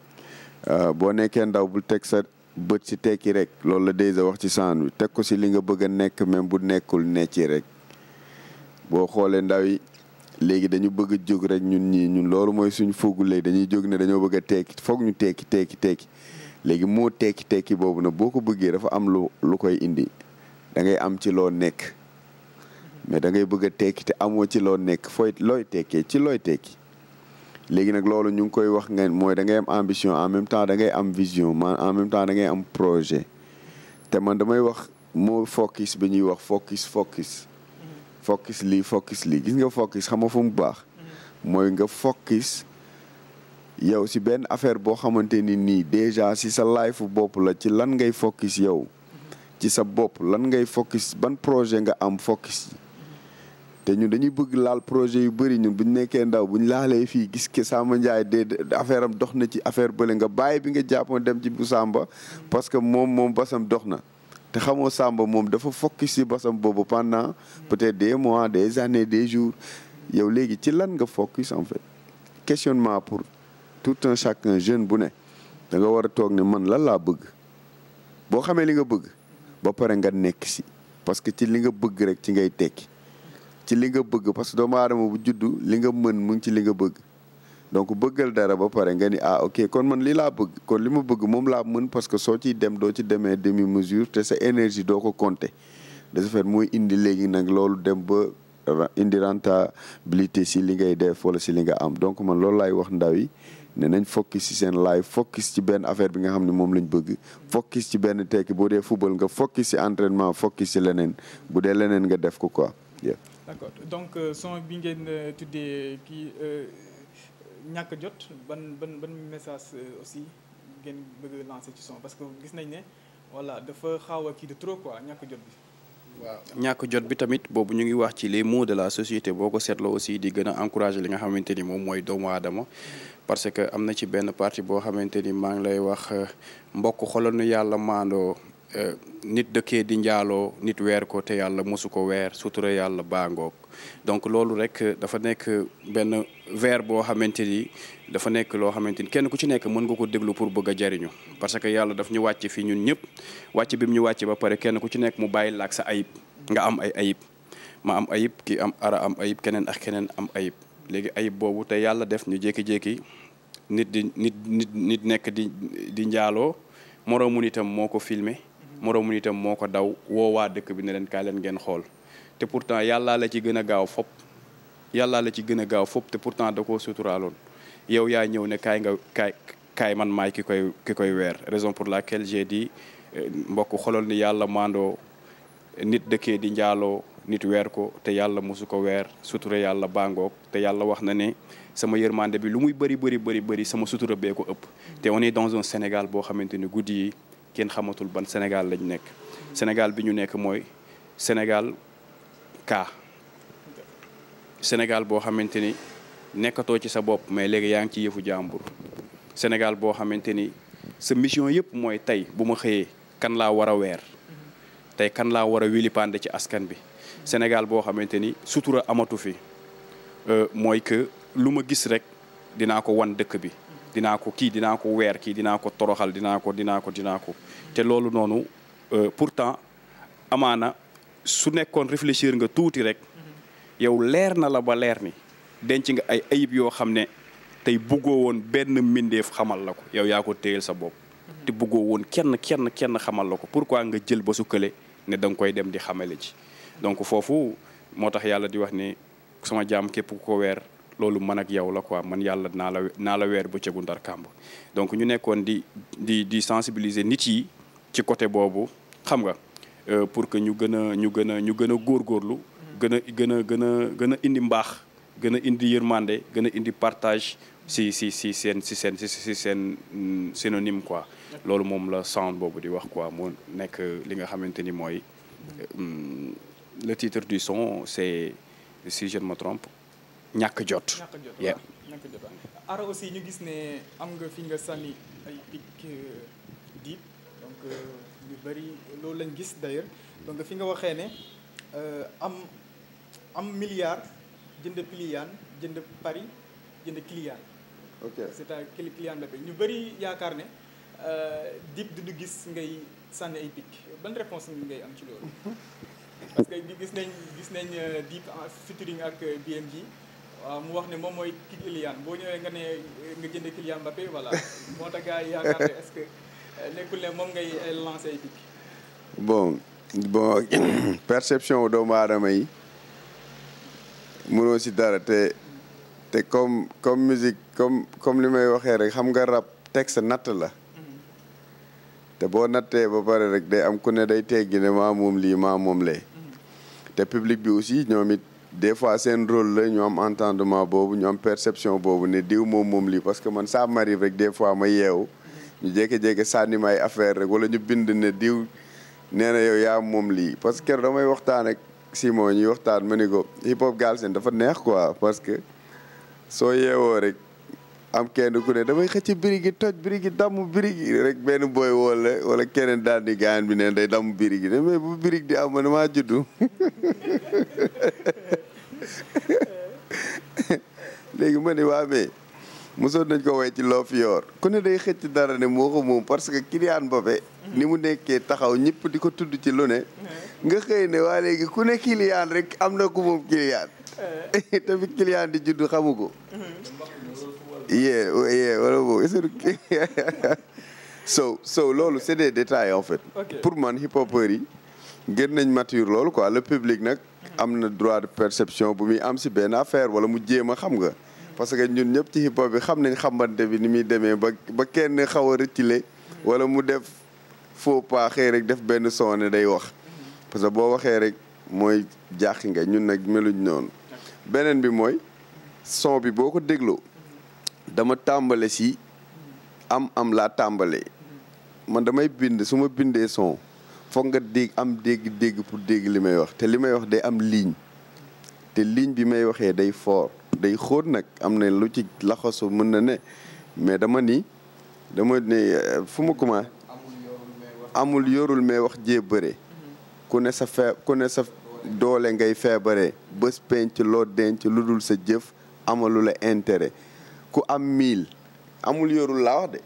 euh, boo nekkee ndaw bul teg sa bët si tekki rek loolu la a wax ci saan bi teg ko si li nga bëgg a nekk même bu nekkul ne ci rek boo xoolee ndaw yi léegi dañu bëgg a jóg rek ñun ñii ñun loolu mooy suñu foogu léegi dañuy jóg ne dañoo bëgg a tekki foog ñu tekki tekki tekki léegi moo tekki tekki boobu nag boo ko bëggee dafa am lu lu koy indi da am ci loo nekk mais da ngay bëgg a tekki te amoo ci loo nekk fooy looy tekkee ci looy tekki léegi nag loolu ñu ngi koy wax ngeen mooy da ngay am ambition en même temps da am vision man en même temps da am projet te man damay wax moo focus bi ñuy wax fokkis fokkis focus lii focus lii gis nga focus xam mu baax. Mm-hmm. mooy nga fokkis yow si benn affaire boo xamante ni nii déjà si sa life bopp la ci lan ngay focus yow. Mm-hmm. ci sa bopp lan ngay focus ban projet nga am focus yi mm-hmm. te ñu dañuy bëgg laal projet yu bari ñu bu nekkee ndaw bu ñu laalee fii gis ke Samba Ndiaye de affaire am dox na ci affaire bële nga bàyyi bi nga jàppoon dem ci bu Samba parce que moom moom basam dox na. te xamoo Samba moom dafa focus ci basam boobu pendant peut-être des mois des années des jour yow léegi ci lan nga fokki en fait questionnement pour tout un chacun jeune bu ne da nga war a toog ne man lan laa bëgg boo xamee li nga bëgg ba pare nga nekk si parce que ci li nga bëgg rek ci ngay tekki ci li nga bëgg parce que doomu aadama bu juddu li nga mën mu ci li nga bëgg donc bëggal dara ba pare nga ni ah ok kon man lii laa bëgg kon li ma bëgg moom laa mën parce que soo ciy dem doo ci demee demi mesure te sa énergie doo ko compter de ce fait mooy indi léegi nag loolu dem ba indi rentabilité si li ngay def wala si li nga am donc man loolu laay wax ndaw yi ne nañ fokki si seen live focus si benn affaire bi nga xam ne moom lañ bëgg fokki si benn tekki boo dee football nga focus si entraînement focus si leneen bu dee leneen nga def ko quoi. d'accord donc euh, ñàkk jot ban ban ban message euh, aussi ngeen bëgg a lancer ci son parce que gis nañ ne voilà dafa xaaw a kii de trop quoi ñàkk jot bi. ñàkk jot bi tamit boobu ñu ngi wax ci les maux de la société boo ko seetloo aussi di gën a encourager li nga xamante ni moom mooy doomu aadama parce que am na ci benn partie boo xamante ni maa ngi lay wax euh, mbokk xoolal nu yàlla maandoo euh, nit dëkkee di njaaloo nit weer ko te yàlla mosu ko weer sutura yàlla baangoo donc loolu rek dafa nekk benn verre boo xamante ni dafa nekk loo xamante ni kenn ku ci nekk mën nga ko déglu pour bëgg a jariñu parce que yàlla daf ñu wàcc fii ñun ñëpp wàcc bi mu ñu wàcc ba pare kenn ku ci nekk mu bàyyi laag sa ayib nga am ay ayib ma am ayib ki am ara am ayib keneen ak keneen am ayib léegi ayib boobu te yàlla def ñu jékki-jékki nit di nit nit nit nekk di di njaaloo moroomu nitam moo ko filmé moromu nitam moo ko daw woowaa waa dëkk bi ne leen kaay leen ngeen xool te pourtant yàllaa la ci gën a gaaw fop yàllaa la ci gën a gaaw fop te pourtant da koo suturaaloon yow yaa ñëw ne kaay nga kaay kaay man maay ki koy ki koy weer raison pour la laquelle j'ai di euh, mbokk xolal ni yàlla maandoo nit dëkkee di njaaloo nit weer ko te yàlla mosu ko weer sutura yàlla bangoog te yàlla wax na ne sama yërmande bi lu muy bëri bëri bëri bëri sama sutura bee ko ëpp te on dans un Sénégal boo xamante ni guddi kenn xamatul ban Sénégal lañ nekk Sénégal bi ñu nekk mooy Sénégal kaa Sénégal boo xamante ni nekkatoo ci sa bopp mais léegi yaa ngi ci yëfu jàmbur Sénégal boo xamante ni sa mission yëpp mooy tey bu ma xëyee kan laa war a weer tey kan laa war a wilipande ci askan bi Sénégal boo xamante ni sutura amatu fi euh, mooy que lu ma gis rek dinaa ko wan dëkk bi dinaa ko kii dinaa ko weer kii dinaa ko toroxal dinaa ko dinaa ko dinaa ko te loolu noonu euh, pourtant amaana su nekkoon réfléchir nga tuuti rek yow leer na la ba leer ni denc nga ay ayib yoo xam ne tey buggoo woon benn mbindeef xamal la ko yow yaa ko téyel sa bopp te buggoo woon kenn kenn kenn xamal la ko pourquoi nga jël ba su kële ne da nga koy dem di xamale ci donc foofu moo tax yàlla di wax ne sama jaam képp ku ko weer loolu man ak yow la quoi man yàlla naa la naa la weer bëccëgu ndar kàmb donc ñu nekkoon di di di sensibiliser nit yi ci côté boobu xam nga euh, pour que ñu gën a ñu gën a ñu gën a góorgóorlu gën a gën a gën a gën a indi mbaax gën a indi yërmande gën a indi partage si si si seen si seen si si seen mm, synonyme quoi loolu moom la sound boobu di wax quoi mu nekk li nga xamante ni mooy euh, mm, le titre du son c'est si je ne ñàkk jot. ñàkk jot ara aussi ñu gis ne am nga fi nga sànni ay pic euh, deep donc ñu euh, bëri loolu lañ gis d'ailleurs donc fi nga waxee ne euh, am am milliard jënd pliant jënd Paris jënd client. ok c'est à dire client la ñu bëri yaakaar ne deep du ñu gis ngay sànni ay pic ban réponse ngay am ci loolu. parce que gis nañ gis nañ deep featuring ak BMG. waaw mu wax ne moom mooy Kylian boo ñëwee nga ne nga jënd Kylian Mbappé voilà moo tax yi yaakaar ne est-ce euh, moom ngay lancé ay pic bon bon perception doomu aadama yi mënoo ci dara te te comme comme musique comme comme li may waxee rek xam nga rap texte natt la mm-hmm. te boo nattee ba pare rek day am ku ne day teggi ne maa lii maa moom mm-hmm. te public bi aussi ñoomit des fois seen rôle la ñu am entendement boobu ñu am perception boobu ne diw moom moom lii parce que man ça m'arrive rek des fois ma yeewu ñu jékki-jékki sànni ma ay affaire rek wala ñu bind ne diw nee na yow yaa moom lii parce que damay waxtaan ak Simon ñuy waxtaan ma ni ko hip hop seen dafa neex quoi parce que soo yeewoo rek. am kenn ku ne damay xëcc biri gi toj biri gi damm biri gi rek benn booy wala wala keneen daal di gaan bi neen day damm biri gi ne mais bu biri di am man maa juddu ma ne waa mais nañ ko ci loo fi ku ne day xëcc dara ne moo ko moom parce que Kylian Mbappé ni mu nekkee taxaw ñëpp di ko tudd ci lu nga xëy waa léegi ku ne Kylian rek am na ku moom eh. di juddu xamu ko mm-hmm. yeah, yeah, whatever. It's okay. so, so lolu, c'est des détails en fait. Pour man, hip-hopper yi, gën nañ mature loolu quoi. Le public nag am na droit de perception bu muy am si benn affaire wala mu jéem a xam nga. parce que ñun ñëpp ci hip-hop bi xam nañ xamante bi ni muy demee ba ba kenn xaw a rëccile wala mu def faux pas rek def benn son ne day wax. parce que boo waxee rek mooy jaaxi nga ñun nag meluñ noonu. beneen bi mooy son bi boo ko dégloo. dama tàmbale si am am laa tàmbale man damay bind suma bindee son foog nga dégg am dégg-dégg pour dégg li may wax te li may wax day am ligne te ligne bi may waxee day fort day xóot nag am na lu ci laxasu mën na ne mais dama ni dama ne euh, fu ma commencé amul yorul mais wax jee bëre mhm. ku ne sa fee ku ne sa doole ngay feebaree bés penc loo denc lu dul sa jëf amalu intéret ku am mille amul yorul laa wax de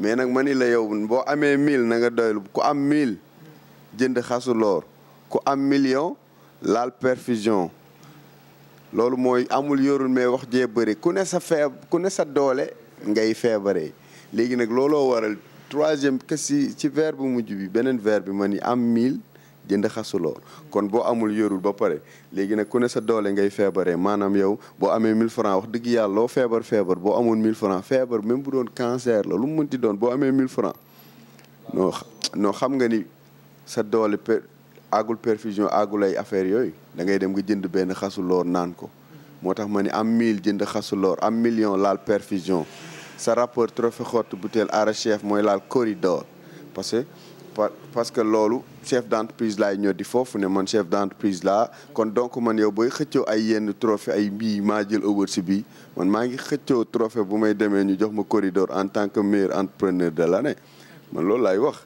mais nag ma ni la yow boo amee mille na nga doylu ku am mille jënd xasu loor ku am million laal perfusion loolu mooy amul yorul mais wax jee bëri ku ne sa feeb ku ne sa doole ngay feebaree léegi nag looloo waral troisième que ci verbe bu mujj bi beneen verbe bi ma ni am mille jënd xasuloo kon boo amul yorul ba pare léegi nag ku ne sa doole ngay feebaree maanaam yow boo amee mille francs wax dëgg yàlla loo feebar feebar boo amoon 1000 francs feebar même bu doon cancer la lu mu mënti doon boo amee 1000 francs non non xam nga ni sa doole per agul perfusion agul ay yooyu da ngay dem nga jënd benn xasuloor naan ko moo tax ma ni am mille jënd xasuloor am million laal perfusion sa rapport trophée xott butéel ara chef mooy laal corridor parce que loolu chef d'entreprise laay ñoo di foofu ne man chef d'entreprise la kon donc man yow booy xëccoo ay yenn trophée ay mbii maa jël award si bii man maa ngi xëccoo trophée bu may demee ñu jox ma corridor en tant que meilleur entrepreneur de l'année man loolu laay wax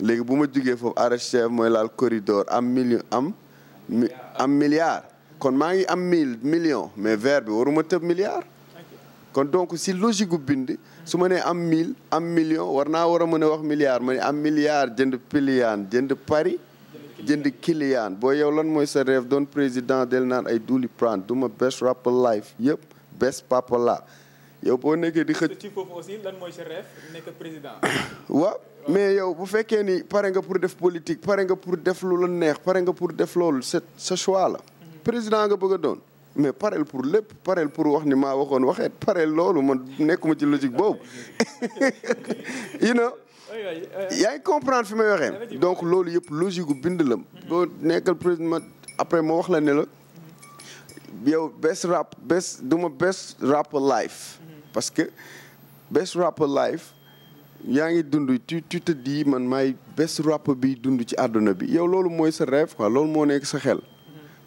léegi bu ma jugee foofu arachef mooy laal corridor am million am am milliard kon maa ngi am mille million mais vert bi waruma tëb milliard kon donc si logique gu bind su ma nee am mille am million war naa war a mën a wax milliard ma ne am milliard jënd pilian jënd Paris jënd kiliyaan boo yow lan mooy sa rêve doon président del naan ay duuli prendre du ma best rapper life yëpp best papa la yow boo nekkee di xëcc ci foofu aussi lan mooy président waaw mais yow bu fekkee ni pare nga pour def politique pare nga pour def lu la neex pare nga pour def loolu c'est sa la mm-hmm. président nga bëgg doon mais parel pour lépp parel pour wax ni maa waxoon waxeet parel loolu ma man ma ci logique boobu you know yaa ngi comprendre fi may waxee donc loolu yëpp logique bind la boo nekkal président après moo wax la ne la yow best rap best du ma best rapper life parce que best rapper life yaa ngi dund tu tu te dis man may best rapper bi dund ci àdduna bi yow loolu mooy sa rêve loolu moo nekk sa xel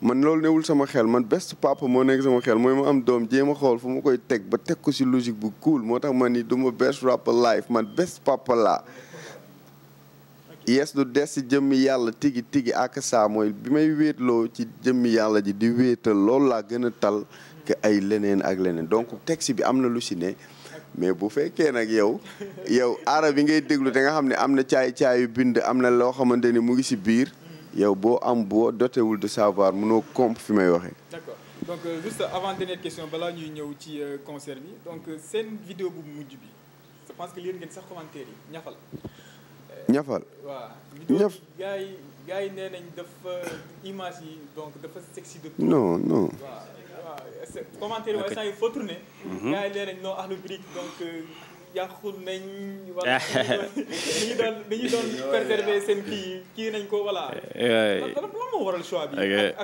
man loolu newul sama xel man best papa moo nekk sama xel mooy ma am doom jéema a xool fu ma koy teg ba teg ko si logique bu cool moo tax ma ni du ma best rapper life man best papa laa yes du des si jëmmi yàlla tigi tigi ak saa mooy bi may wéetloo ci jëmmi yàlla ji di wéetal loolu laa gën a tal que ay leneen ak leneen donc texte bi am na lu si ne mais bu fekkee nag yow yow aara bi ngay déglu te nga xam ne am na caay caayu bind am na loo xamante ni mu ngi si biir yow boo am boo dotewul de savoir mënoo comp fi may waxee. donc euh, juste avant dernière question balaa ñuy ñëw ci euh, concert bi donc euh, seen vidéo bu mujj bi je pense que lire ngeen sax commentaire yi ñafal. ñafal waaw. yi gars dafa image yi donc dafa sexy de. non non. commentaire yi waaye foo tourné. Mhm. gars yi nee nañ non ahlu brique donc. yàqu nañ. wala ko voilà. lan lan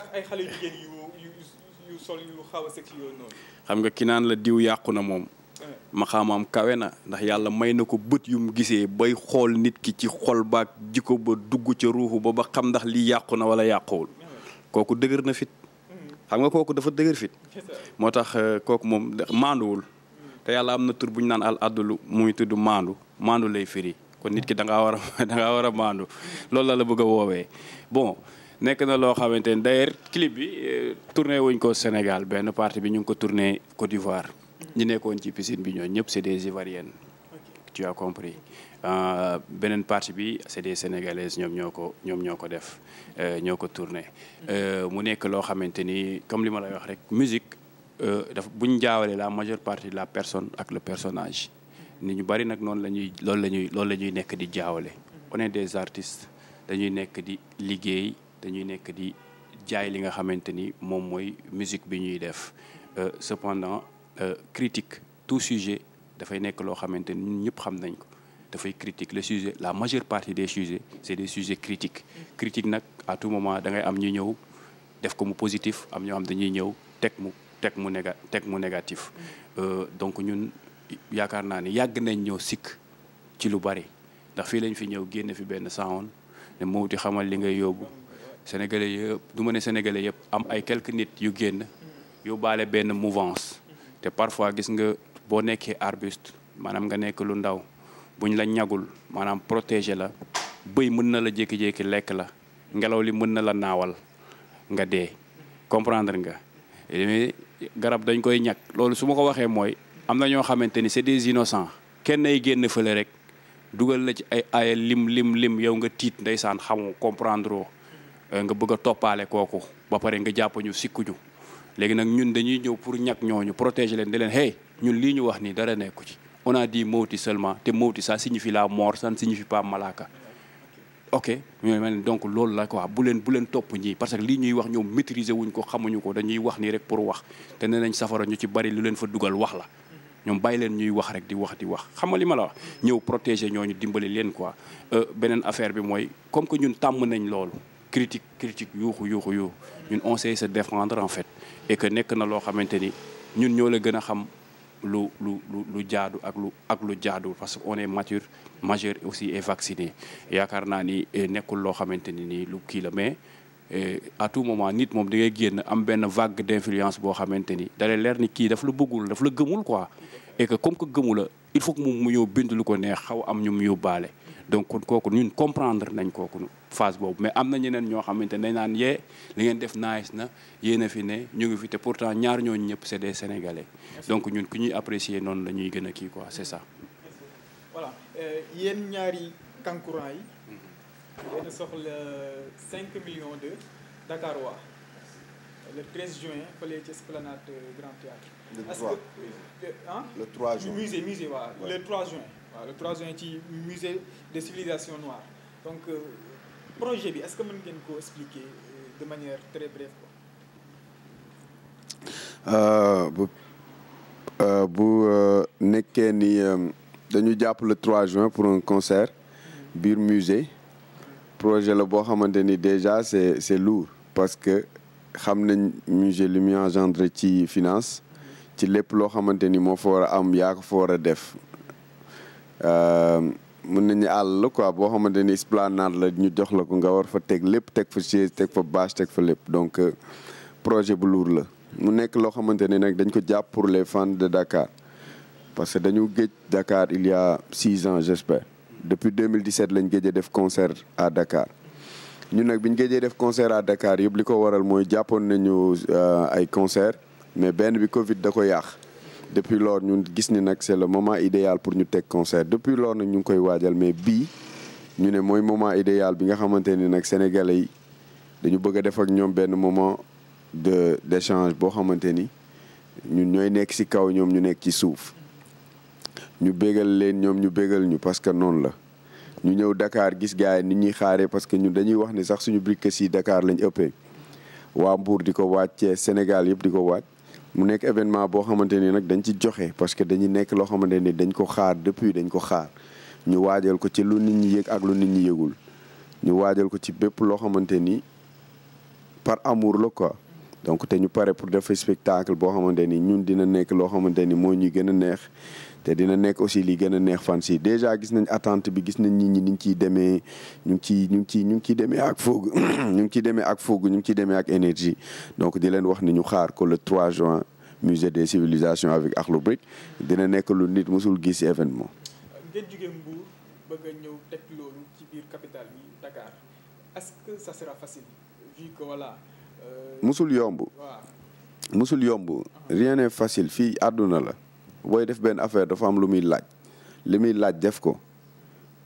xam nga ki naan la diw yàqu na moom. Eh. maxamam kawe na ndax yàlla may na ko bët yu mu gisee bay xool nit ki ci xol baak jikko ba dugg ca ruuxu ba ba xam ndax lii yàqu na wala yàquwul eh. kooku dëgër na fit mm. xam nga kooku dafa dëgër fit moo tax euh, kooku moom maanduwul te yàlla am na tur bu ñu naan al adlu muy tudd maandu maandu lay firi kon nit ki danga ngaa war a da war a maandu loolu la la bëgg a woowee bon nekk na loo xamante ni d'ailleurs clip bi euh, tourné wuñ ko Sénégal benn partie bi ñu ngi ko tourné Côte d'Ivoire ñu nekkoon ci piscine bi ñooñu ñëpp c'est des Ivoiriennes tu as compris euh, beneen partie bi c'est des sénégalaises ñoom ñoo ko ñoom ñoo ko def euh, ñoo ko tourné mm. mu nekk loo xamante ni comme li ma lay wax rek musique Euh, dafa bu ñu jaawalee la majeure partie de la personne ak le personnage ni ñu bari nag noonu la ñuy loolu la ñuy loolu la ñuy nekk di jaawale. one des artistes dañuy nekk di liggéey dañuy nekk di jaay li nga xamante ni moom mooy musique bi ñuy def euh, cependant euh, critique tout sujet dafay nekk loo xamante ni ñun ñëpp xam nañ ko. dafay critique le sujet la majeure partie des sujets c'est des sujets critiques critique nag à tout moment dangay am ñu ñëw def ko mu positif am ñoo xam dañuy ñëw teg mu teg mu néga teg mu négatif euh, donc ñun yaakaar naa ni yàgg nañ ñëw sikk ci lu bari ndax fii lañ fi ñëw génn fi benn saawon ne moo di xamal li ngay yóbbu sénégalais yëpp du ma ne sénégalais yëpp am ay quelques nit yu génn yóbbaale benn mouvance te parfois gis nga boo nekkee arbuste maanaam nga nekk lu ndaw buñ la ñagul maanaam protéger la bëy mën na la jékki-jékki lekk la ngelaw li mën na la naawal nga dee comprendre nga garab dañ koy ñag loolu su ma ko waxee mooy am na ñoo xamante ni c'est des innocents kenn ay génn fële rek dugal la ci ay aaya lim lim lim yow nga tiit saan xamu comprendre euh, nga bëgg a toppaale kooku ba pare nga jàpp ñu sikkuñu léegi nag ñun dañuy ñëw pour ñag ñooñu protéger leen di leen hey ñun lii ñu wax nii dara nekku ci on di dit mawti seulement te mawti ça signifie la moor ça ne signifie pas malaaka ok donc loolu la quoi bu leen bu leen topp ñii parce que lii ñuy wax ñoom maîtriser wuñ ko xamuñu ko dañuy wax nii rek pour wax te nee nañ safara ñu ci bari lu leen fa dugal wax la ñoom bàyyi leen ñuy wax rek di wax di wax xam nga li ma la wax ñëw protéger ñooñu dimbali leen quoi euh, beneen affaire bi mooy comme que ñun tàmm nañ loolu critique critique yuuxu yuuxu yuuxu ñun on sait se défendre en fait et que nekk na loo xamante ni ñun ñoo la gën a xam lu lu lu lu jaadu ak lu ak lu jaadu parce que on est mature majeur aussi et vacciné yaakaar naa ni e nekkul loo xamante ni nii lu kii la mais eh, à tout moment nit moom da ngay génn am benn vague d'influence boo xamante ni dalee leer ni kii daf la bëggul daf la gëmul quoi et que comme que gëmula il faut que mu mu ñëw bind ko neex xaw am ñu mu yóbbaale donc kooku ñun comprendre nañ kooku fas boobu mais am na ñeneen ñoo xamante ne dañ naan yee ngeen def na yéen a fi ne ñu ngi fi te pourtant ñaar ñooñu ñëpp c'est des sénégalais donc ñun ku ñuy apprécier noonu lañuy ñuy gën a kii quoi c'est ça. voilà euh, yéen ñaari kankurang yi. Mhm. yéen soxla 5 millions de Dakarois le 13 juin fële ci esplanade Grand Théâtre. le 3 est euh, juin. waaw le 3 ci musée des civilisations euh, euh, euh, bu bu nekkee ni dañu jàpp le juin pour un concert biir musée projet la boo xamante ni déjà c'est c'est lourd parce que xam nañ musée lu muy engendré ci finance ci lépp loo xamante ni moo fa war a am yaako ko war a def Euh, mën nañu àll la quoi boo xamante ni esplanade la ñu jox la ko nga war fa teg lépp teg fa chaise teg fa bâche teg fa lépp donc euh, projet bu lourd la. mu nekk loo xamante ni nag dañ ko jàpp pour les fans de Dakar parce que dañu géej Dakar il y a six ans j'espère depuis 2017 lañ géejee def concert à Dakar ñu nag bi ñu géejee def concert à Dakar yëpp li ko waral mooy jàppoon nañu euh, ay concert mais benn bi Covid da ko yàq. depuis lors ñun gis ni nag c'est le moment idéal pour ñu teg concert depuis lors nag ñu ngi koy waajal mais bii ñu ne mooy moment idéal bi nga xamante ni nag sénégalais yi dañu bëgg a def ak ñoom benn moment de d'échange boo xamante ni ñun ñooy nekk ci kaw ñoom ñu nekk ci suuf ñu bégal leen ñoom ñu bégal ñu parce que noonu la ñu ñëw Dakar gis gars ni ñuy xaaree parce que ñun dañuy wax ni sax suñu briques yi dakaar lañ ëppee waa mbuur di ko waaj Sénégal yëpp di ko waaj mu nekk événement boo xamante ni nag dañ ci joxe parce que dañu nekk loo xamante ni dañ ko xaar depuis dañ ko xaar ñu waajal ko ci lu nit ñi yëg ak lu nit ñi yëgul ñu waajal ko ci bépp loo xamante ni par amour la quoi. donc te ñu pare pour def spectacle boo xamante ni ñun dina nekk loo xamante ni moo ñuy gën a neex te dina nekk aussi lii gën a neex fan si déjà gis nañ attente bi gis nañ nit ñi ni ñu ciy demee ñu ngi ciy ñu ngi ciy ñu ngi ciy demee ak foog ñu ngi ciy demee ak foog ñu ngi ciy demee ak énergie donc di leen wax ni ñu xaar ko le 3 juin musée des civilisations avec lu Brick dina nekk lu nit mosul gis événement. ngeen jógee musul yomb musul yomb rien n'est facile fii àdduna la booy def benn affaire dafa am lu muy laaj li muy laaj def ko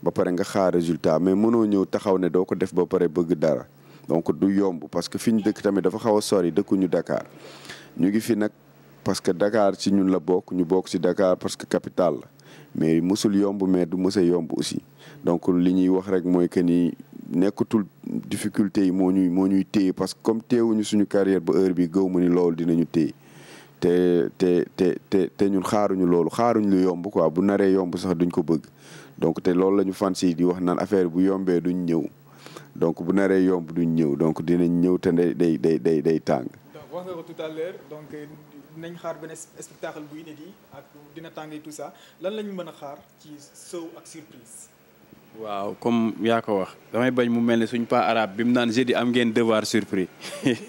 ba pare nga xaar résultat mais mënoo ñëw taxaw ne doo ko def ba pare bëgg dara donc du yomb parce que fi ñu dëkk tamit dafa xaw a sori dëkkuñu dakaar ñu ngi fi nag parce que Dakar ci ñun la bokk ñu bokk ci Dakar parce que capital la mais musul yomb mais du mës yomb aussi donc li ñuy wax rek mooy que ni. nekkatul difficulté yi moo ñuy moo ñuy téye parce que comme téyewuñu suñu carrière ba heure bi gëw ma ni loolu dinañu téye te te te te te ñun xaaruñu loolu xaaruñ lu yomb quoi bu naree yomb sax duñ ko bëgg donc te loolu la ñu fans yi di wax naan affaire bu yombee duñ ñëw donc bu naree yomb duñ ñëw donc dinañ ñëw te day day day day tàng. donc xaar benn spectacle bu inédit ak dina tàng tout ça lan la ñu mën a xaar ci sow ak surprise. waaw comme yaa ko wax damay bañ mu mel ne suñ pas arabe bi mu naan jeudi am ngeen devoir surpris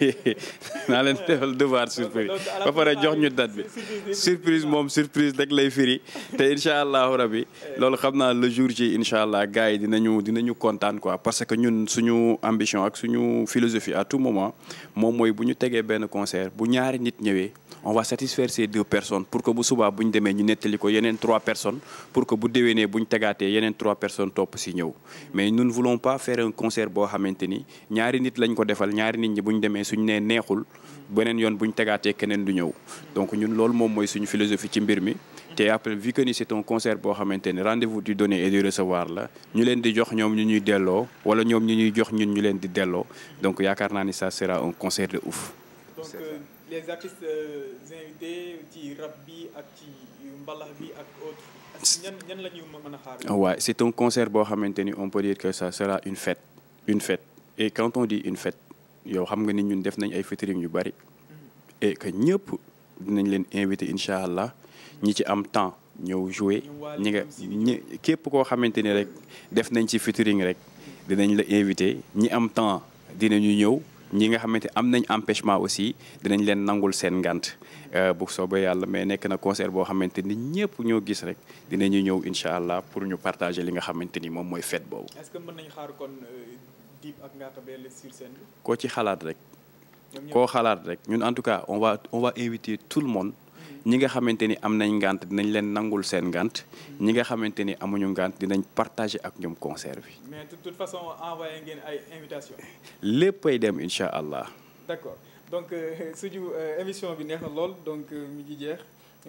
naa leen defal devoir surpris ba pare jox ñu date bi surprise moom surprise rek lay firi te incha allahu rabi loolu xam naa le jour ji incha allah gars yi dinañu dinañu kontaan quoi parce que ñun suñu ambition ak suñu philosophie à tout moment moom mooy bu ñu tegee benn concert bu ñaari nit ñëwee on va satisfaire ces deux personnes pour que bu subaa bu ñu demee ñu nettali ko yeneen trois personnes pour que bu déwénee bu ñu tegaatee topp si ñëw mais nous ne voulons pas faire un concert boo xamante ni ñaari nit lañ ko defal ñaari nit ñi bu ñu demee suñ nee neexul beneen yoon bu ñu tegaatee keneen du ñëw donc ñun loolu moom mooy suñu philosophie ci mbir mi te après vu que ni c'est un concert boo xamante ni rendez-vous du donner et du recevoir la ñu leen di jox ñoom ñu ñuy delloo wala ñoom ñu ñuy jox ñun ñu leen di delloo donc yaakaar naa ni ça sera un concert de ouf euh, waaw c'est un concert boo xamante ni on peut dire que ça sera une fête une fête et quand on une fête yow xam nga ni ñun def nañ ay featuring yu bari mm. et que ñëpp dinañ leen invité incha allah ñi ci am temps ñëw jouer ñi nga képp koo xamante ni rek def nañ ci featuring rek dinañ la invité ñi am temps dinañu ñëw. ñi nga xamante am nañ empêchement aussi dinañ leen nangul seen ngànt euh, bu soobee yàlla mais nekk na concert boo xamante ni ñëpp ñoo gis rek dinañu ñëw incha allah pour ñu partager li nga xamante ni moom mooy fête boobu. est que mën nañ xaar kon euh, Dip ak Ngaaka Blindé koo ci xalaat rek. koo xalaat rek ñun en tout cas on va on va inviter tout le monde. ñi nga xamante ni am nañ ngànt dinañ leen nangul seen ngànt ñi nga xamante ni amuñu ngànt dinañ partager ak ñoom conserve bi. mais de toute façon envoyé ngeen ay invitation. léppay dem incha allah. d'accord donc euh, suñu euh, émission bi neex na lool donc euh, mi ngi jeex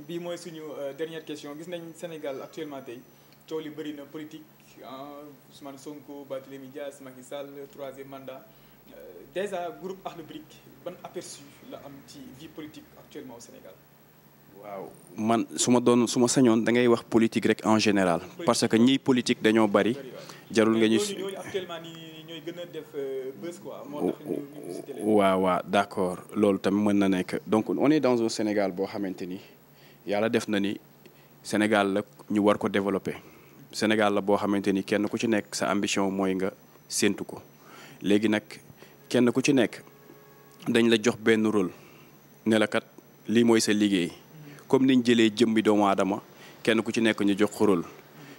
bii mooy suñu dernière question gis nañ Sénégal actuellement tey coow li bëri na politique ah Ousmane Sonko Barthélémy Dias Macky Sall troisième mandat. déjà groupe Akhlou Brick ban aperçu la am ci vie politique actuellement au Sénégal. waaw man su ma doon su ma sañoon da ngay wax politique rek en général parce que ñii politique dañoo bari jarul nga ñu. Euh, waaw waaw d'accord loolu tamit mën na nekk donc on est Sénégal boo xamante ni yàlla def na ni Sénégal la ñu war ko développer Sénégal la boo xamante ni kenn ku ci nekk sa ambition mooy nga séentu ko léegi nag kenn ku ci nekk dañ la jox benn rôle ne lii mooy sa liggéey. comme niñ jëlee jëmmi doomu aadama kenn ku ci nekk ñu jox ko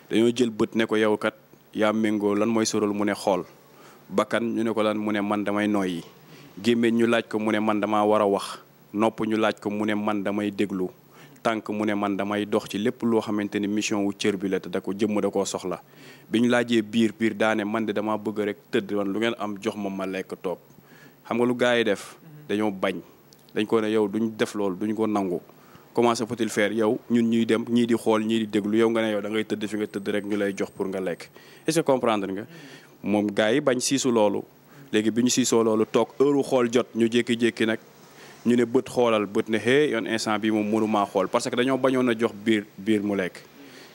dañoo jël bët ne ko yow kat yaa méngoo lan mooy sa rôle mu ne xool bakkan ñu ne ko lan mu ne man damay nooyi gémmiñ ñu laaj ko mu ne man damaa war a wax nopp ñu laaj ko mu ne man damay déglu tànk mu ne man damay dox ci lépp loo xamante ni mission wu cër bi la te da ko jëmm da koo soxla bi ñu laajee biir biir daane man de damaa bëgg rek tëdd lu ngeen am jox ma ma lekk toog xam nga lu gars yi def mm-hmm. dañoo bañ dañ ko ne yow duñ def loolu duñ ko nangu comment ça peut-il faire ñun ñuy dem ñii di xool ñii di déglu yow nga ne yow da ngay tëdd fi nga tëdd rek ñu lay jox pour nga lekk est-ce que comprendre nga moom gars yi bañ siisu loolu léegi bi ñu siisoo loolu toog heure xool jot ñu jékki-jékki nag ñu ne bët xoolal bët ne xee yoon instant bi moom mënu xool parce que dañoo bañoon a jox biir biir mu lekk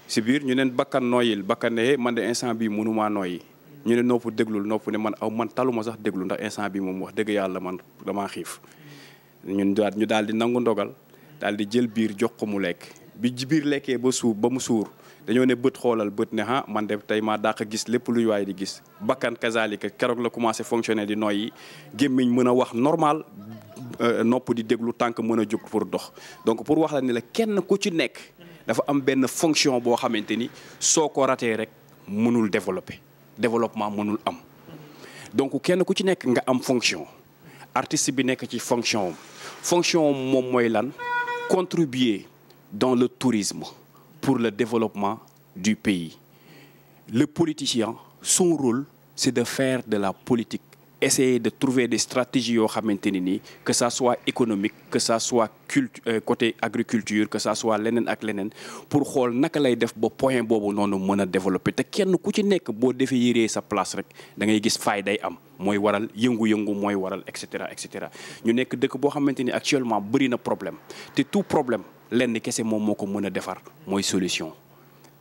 si biir ñu neen bakkan nooyil bakkan ne man de instant bi mënu maa nooyi ñu ne nopp déglul nopp ne man aw man taluma sax déglu ndax instant bi moom wax dëgg yàlla man damaa xiif ñun daal di nangu ndogal daal di jël biir jox ko mu lekk bi biir lekkee ba suur ba mu suur dañoo ne bët xoolal bët ne ah man de tey maa dàq gis lépp luy waaye di gis bakkan kazalika keroog la commencé fonctionner di noyyi gémmiñ mën a wax normal euh, nopp di déglu tànk mën a jóg pour dox donc pour wax la ni la kenn ku ci nekk dafa am benn fonction boo xamante ni soo ko ratee rek mënul développer développement mënul am donc kenn ku ci nekk nga am fonction artiste bi nekk ci fonction fonction moom mooy lan contribuer dans le tourisme pour le développement du pays. Le politicien, son rôle, c'est de faire de la politique essayer de trouver des stratégie yoo xamante ni nii que ça soit économique que ça soit cult euh, côté agriculture que ça soit leneen ak leneen pour xool naka lay def ba point boobu noonu mën a développer te kenn ku ci nekk boo defee yéree sa place rek dangay ngay gis faay day am mooy waral yëngu-yëngu mooy waral et cetera et cetera ñu nekk dëkk boo xamante ni actuellement bëri na problème te tout problème lenn kese moom moo ko mën a defar mooy solution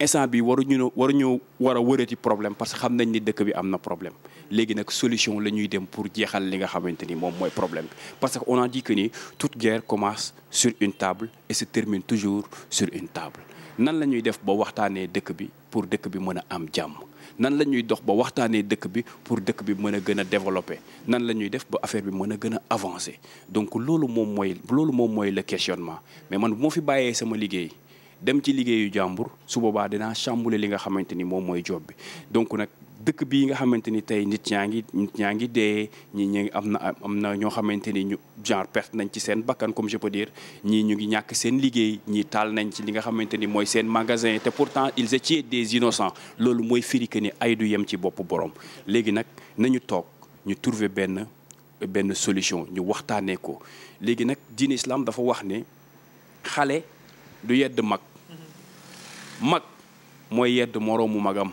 instant bi waruñu waruñu war a wërati problème parce que xam nañ ni dëkk bi am na problème léegi nag solution la ñuy dem pour jeexal li nga xamante ni moom mooy problème bi parce que on a dit que ni toute guerre commence sur une table et se termine toujours sur une table nan lañuy def ba waxtaanee dëkk bi pour dëkk bi mën a am jàmm nan la ñuy dox ba waxtaanee dëkk bi pour dëkk bi mën a gën a développer nan la ñuy def ba affaire bi mën a gën a avancer donc loolu moom mooy loolu moom mooy le questionnement mais man moo fi bàyyee sama liggéey dem ci liggéeyu jàmbur su boobaa dinaa chambouler li nga xamante ni moom mooy job bi donc dëkk bii nga xamante ni tey nit ñaa ngi ñaa ngi dee ñi ñu am na am na ñoo xamante ni ñu genre perte nañ ci seen bakkan comme je peux dire ñii ñu ngi ñàkk seen liggéey ñii taal nañ ci li nga xamante ni mooy seen magasin te pourtant ils étaient des innocents loolu mooy firi ni ay du yem ci bopp borom léegi nag nañu toog ñu trouver benn benn solution ñu waxtaanee ko léegi nag diine islam dafa wax ne xale du yedd mag mm-hmm. mag mooy yedd moroomu magam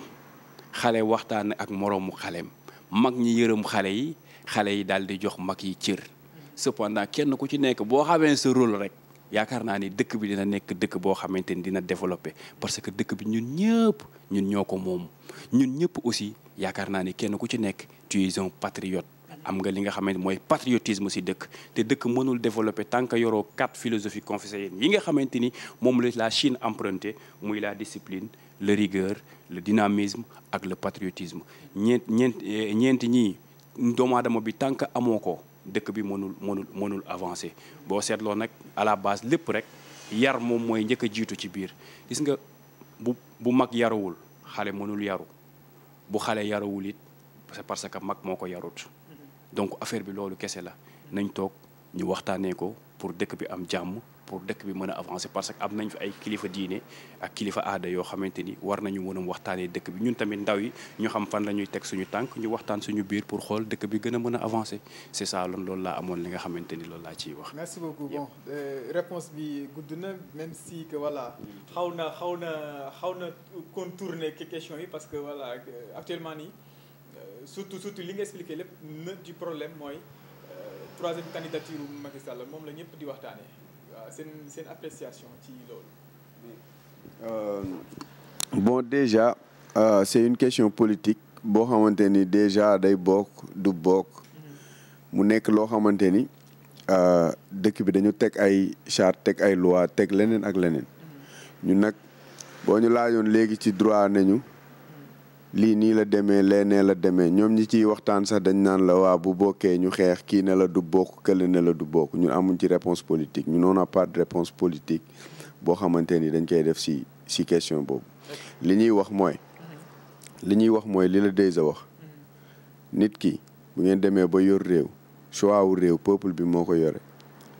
xale waxtaan ak moroomu xaleem mag ñi yërëm xale yi xale yi daal di jox mag yi cër cependant kenn ku ci nekk boo xamee sa rôle rek yaakaar naa ni dëkk bi dina nekk dëkk boo xamante ni dina développé parce que dëkk bi ñun ñëpp ñun ñoo ko moom ñun ñëpp aussi yaakaar naa ni kenn ku ci nekk tu es am nga li nga xamante mooy patriotisme si dëkk te dëkk mënul développer tant que yoroo quatre philosophies confucéennes yi nga xamante ni moom la la Chine emprunté muy la la rigueur le dynamisme ak le patriotisme ñeent ñeent eh, ñeenti ñii doomu bi tant que amoo ko dëkk bi mënul mënul mënul avancer boo seetloo nag à la base lépp rek yar moom mooy njëkk a jiitu ci biir gis nga bu mag yaruwul xale mënul yaru bu xale yaruwul it c'est parce que mag moo ko yarut donc affaire bi loolu kese la nañ toog ñu waxtaanee ko pour dëkk bi am jàmm pour dëkk bi mën a avancer parce que am nañ fi ay kilifa diine ak kilifa aada yoo xamante ni war nañu mën a waxtaanee dëkk bi ñun tamit ndaw yi ñu xam fan la ñuy teg suñu tànk ñu waxtaan suñu biir pour xool dëkk bi gën a mën a avancer c'est ça loolu loolu laa amoon li nga xamante ni loolu laa ciy wax. merci beaucoup bon euh, réponse bi gudd na même si que voilà xaw na xaw na xaw na contourner question yi parce que voilà actuellement nii euh, surtout surtout li nga expliqué lépp nœud problème mooy euh, troisième candidature Macky moom la ñëpp di waxtaanee. waaw euh, seen seen appréciation ci loolu. Euh, bon déjà euh, c'est une question politique boo xamante ni déjà day bokk du bokk. mu nekk loo xamante ni dëkk bi dañu teg ay charte teg ay loi teg leneen ak leneen. ñu nag boo ñu laajoon léegi ci droit nañu. lii nii la demee lee la demee ñoom ñi ciy waxtaan sax dañ naan la waa bu bokkee ñu xeex kii ne la du bokk këll ne la du bokk ñun amuñ ci réponse politique ñun on n'a pas de réponse politique boo xamante ni dañ koy def si si question boobu li ñuy wax mooy li ñuy wax mooy li la wax nit ki bu ngeen demee ba yor réew choix wu réew peuple bi moo ko yore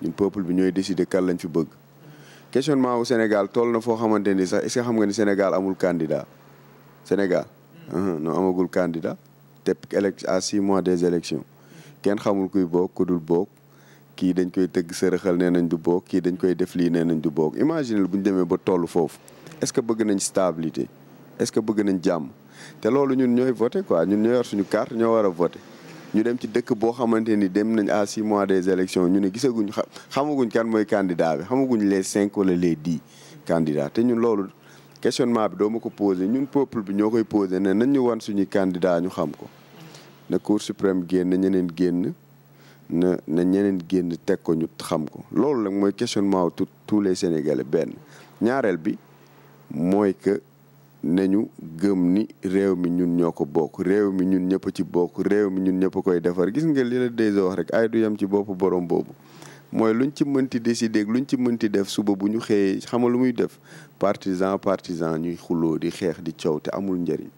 ñun peuple bi ñooy décider kan lañ fi bëgg questionnement wu Sénégal tool na foo xamante ni sax est nga ni Sénégal amul kandida Sénégal Uh-huh. non amagul candidat te élect à six mois des élections kenn xamul kuy bokk ku dul bokk kii dañ koy tëgg sërëxal nee nañ du bokk kii dañ koy def lii nee nañ du bokk imagine bu ñu demee ba toll foofu est-ce que bëgg nañ stabilité est-ce que bëgg nañ jàmm te loolu ñun ñooy voté quoi ñun ñoo yor suñu carte ñoo war a voté ñu dem ci dëkk boo xamante ni dem nañ à six mois des élections ñu ne gisaguñ xamaguñ kan mooy candidat bi xamaguñ les cinq wala les dix candidats te ñun loolu questionnement bi doo ma ko posé ñun peuple bi ñoo koy posé ne nañ ñu wan suñuy candidat ñu xam ko na cour suprême génn ñeneen génn na na ñeneen génn teg ko ñu xam ko loolu nag mooy questionnement tout tous les sénégalais benn ñaareel bi mooy que ñu gëm ni réew mi ñun ñoo ko bokk réew mi ñun ñëpp ci bokk réew mi ñun ñëpp koy defar gis nga li la dèjà wax rek ay du yem ci bopp borom boobu mooy lu luñ ci mënti di décider luñ ci mënti def suba bu ñu xëyee xam nga lu muy def partisan partisan ñuy xuloo di xeex di coow te amul njëriñ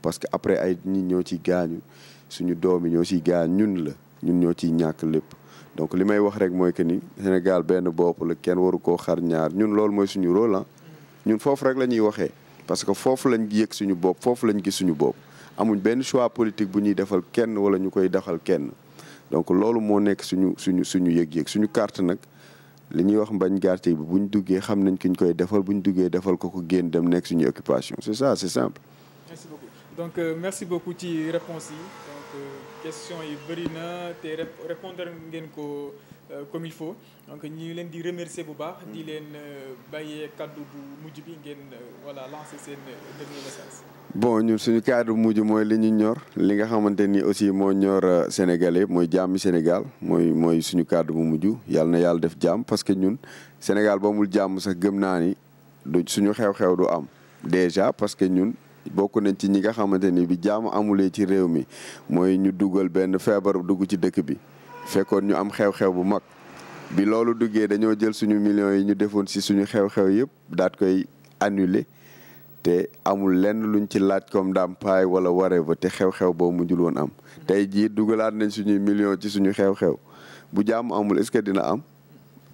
parce que après ay nit ñoo ciy gaañu suñu doom yi ñoo ciy gaañ ñun la ñun ñoo ciy ñàkk lépp. donc li may wax rek mooy que ni Sénégal benn bopp la kenn waru ko xar ñaar ñun loolu mooy suñu rôle ah ñun foofu rek la ñuy waxee parce que foofu lañ yëg suñu bopp foofu lañ gis suñu bopp amuñ benn choix politique bu ñuy defal kenn wala ñu koy defal kenn. donc loolu moo nekk suñu suñu suñu yëg-yëg suñu carte nag li ñuy wax mbañ quartier bi bu ñu duggee xam nañ ki ñu koy defal bu ñu duggee defal ko ko génn dem nekk suñu occupation c'est ça c'est simple. merci beaucoup donc euh, merci beaucoup ci réponse yi donc euh, question yi bëri na te répondre ngeen ko. Euh, comme il faut ñu ngi leen di remercier bu baax. di mm. leen euh, bàyyee euh, bon ñun suñu cadre mujj mooy li ñu ñor li nga xamante ni aussi moo ñor Sénégalais mooy jàmmi Sénégal mooy mooy suñu cadre bu mujj yàlla na yàlla def jàmm parce que ñun Sénégal ba mul sax gëm naa ni du suñu xew-xew du am déjà parce que ñun. bokk nañ ci ñi nga xamante ni bi jaamu amulee ci réew mi mooy ñu dugal benn feebar dugg ci dëkk bi fekkoon ñu am xew-xew bu mag bi loolu duggee dañoo jël suñu millions yi ñu defoon si suñu xew-xew yëpp daat koy annule te amul lenn luñ ci laaj comme ndàmpaay wala whatever te xew-xew boobu mujjul woon am tey jii dugalaat nañ suñuy millions ci suñu xew-xew bu jàmm amul est dina am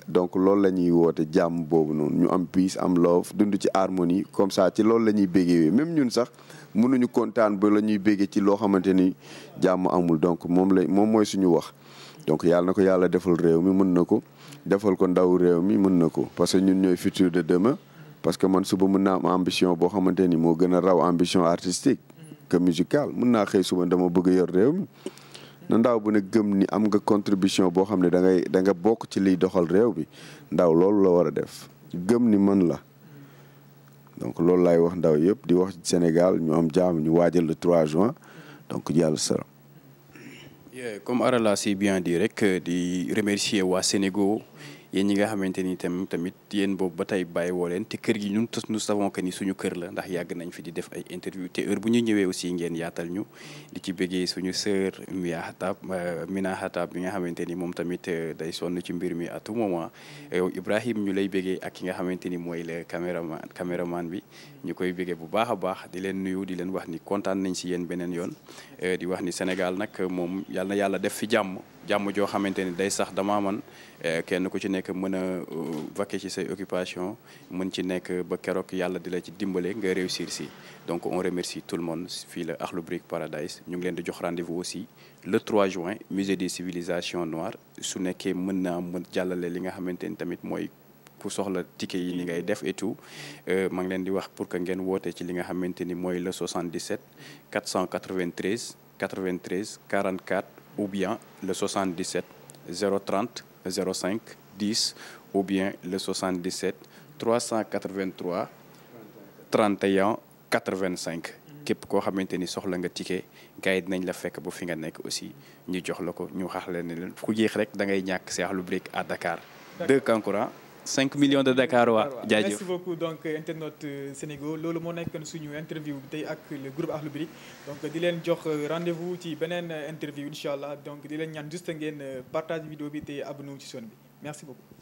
donc loolu la ñuy woote jàmm boobu noonu ñu am peace am love dund ci harmonie comme ça ci loolu la ñuy bégewee même ñun sax mënuñu kontaan ba la ñuy bége ci loo xamante ni jàmm amul donc moom la moom mooy suñu wax donc yàlla na ko yàlla defal réew mi mën na ko defal ko ndaw réew mi mën na ko parce que ñun ñooy futur de demain parce que man suba mën naa am ambition boo xamante ni moo gën a raw ambition artistique que musicale mën naa xëy suba dama bëgg yor réew mi na ndaw bu ne gëm ni am nga contribution boo xam ne dangay danga bokk ci liy doxal réew bi ndaw loolu la war a def gëm ni man la donc loolu laay wax ndaw yëpp di wax Sénégal ñu am jaam ñu waajal le 3 juin donc yàlla comme Arala si bien di rek euh, di remercier waa Sénégal yéen ñi nga xamante ni tam tamit yéen boobu ba tey bàyyi woo leen te kër gi ñun tous nous savons que ni suñu kër la ndax yàgg nañ fi di def ay interview te heure bu ñu ñëwee aussi ngeen yaatal ñu di ci bëggee suñu sœur Mia Hatab euh, Mina Hatab bi nga xamante ni moom tamit euh, day sonn ci mbir mi à tout moment euh, Ibrahim ñu lay bëggee ak ki nga xamante ni mooy le caméraman caméraman bi ñu koy bëggee bu baax a baax di leen nuyu di leen wax ni kontaan nañ si yéen beneen yoon di wax ni Sénégal nag moom yàlla yàlla def fi jàmm jàmm joo xamante ni day sax damaa man eh, kenn ku ci nekk mën a euh, vaquer ci say occupation mën ci nekk ba keroog yàlla di la ci dimbale nga réussir si donc on remercie tout le monde fii la Akhlou Brick Paradise ñu ngi leen di jox rendez-vous aussi le 3 juin musée des civilisations noires su nekkee mën naa mën jàllale li nga xamante ni tamit mooy ku soxla ticket yi ni ngay def et tout euh, ma ngi leen di wax pour que ngeen woote ci li nga xamante ni mooy le 77 493 93 44 ou bien le 77 030 05 10 ou bien le 77 383 31 85 képp koo xamante ni soxla nga ticket gars nañ la fekk bu fi nga nekk aussi ñu jox la ko ñu xaax leen ne leen ku jeex rek da ngay ñàkk Cheikh Lou à Dakar deux concurrents 5 millions de Dakarois jaajëf merci beaucoup donc internaute euh, Sénégal loolu moo nekkoon suñu interview bi tey ak le groupe Akhlou Brick donc di leen jox euh, rendez-vous ci beneen euh, interview incha allah donc di leen ñaan juste ngeen partage vidéo bi te abonné wu ci son bi merci beaucoup.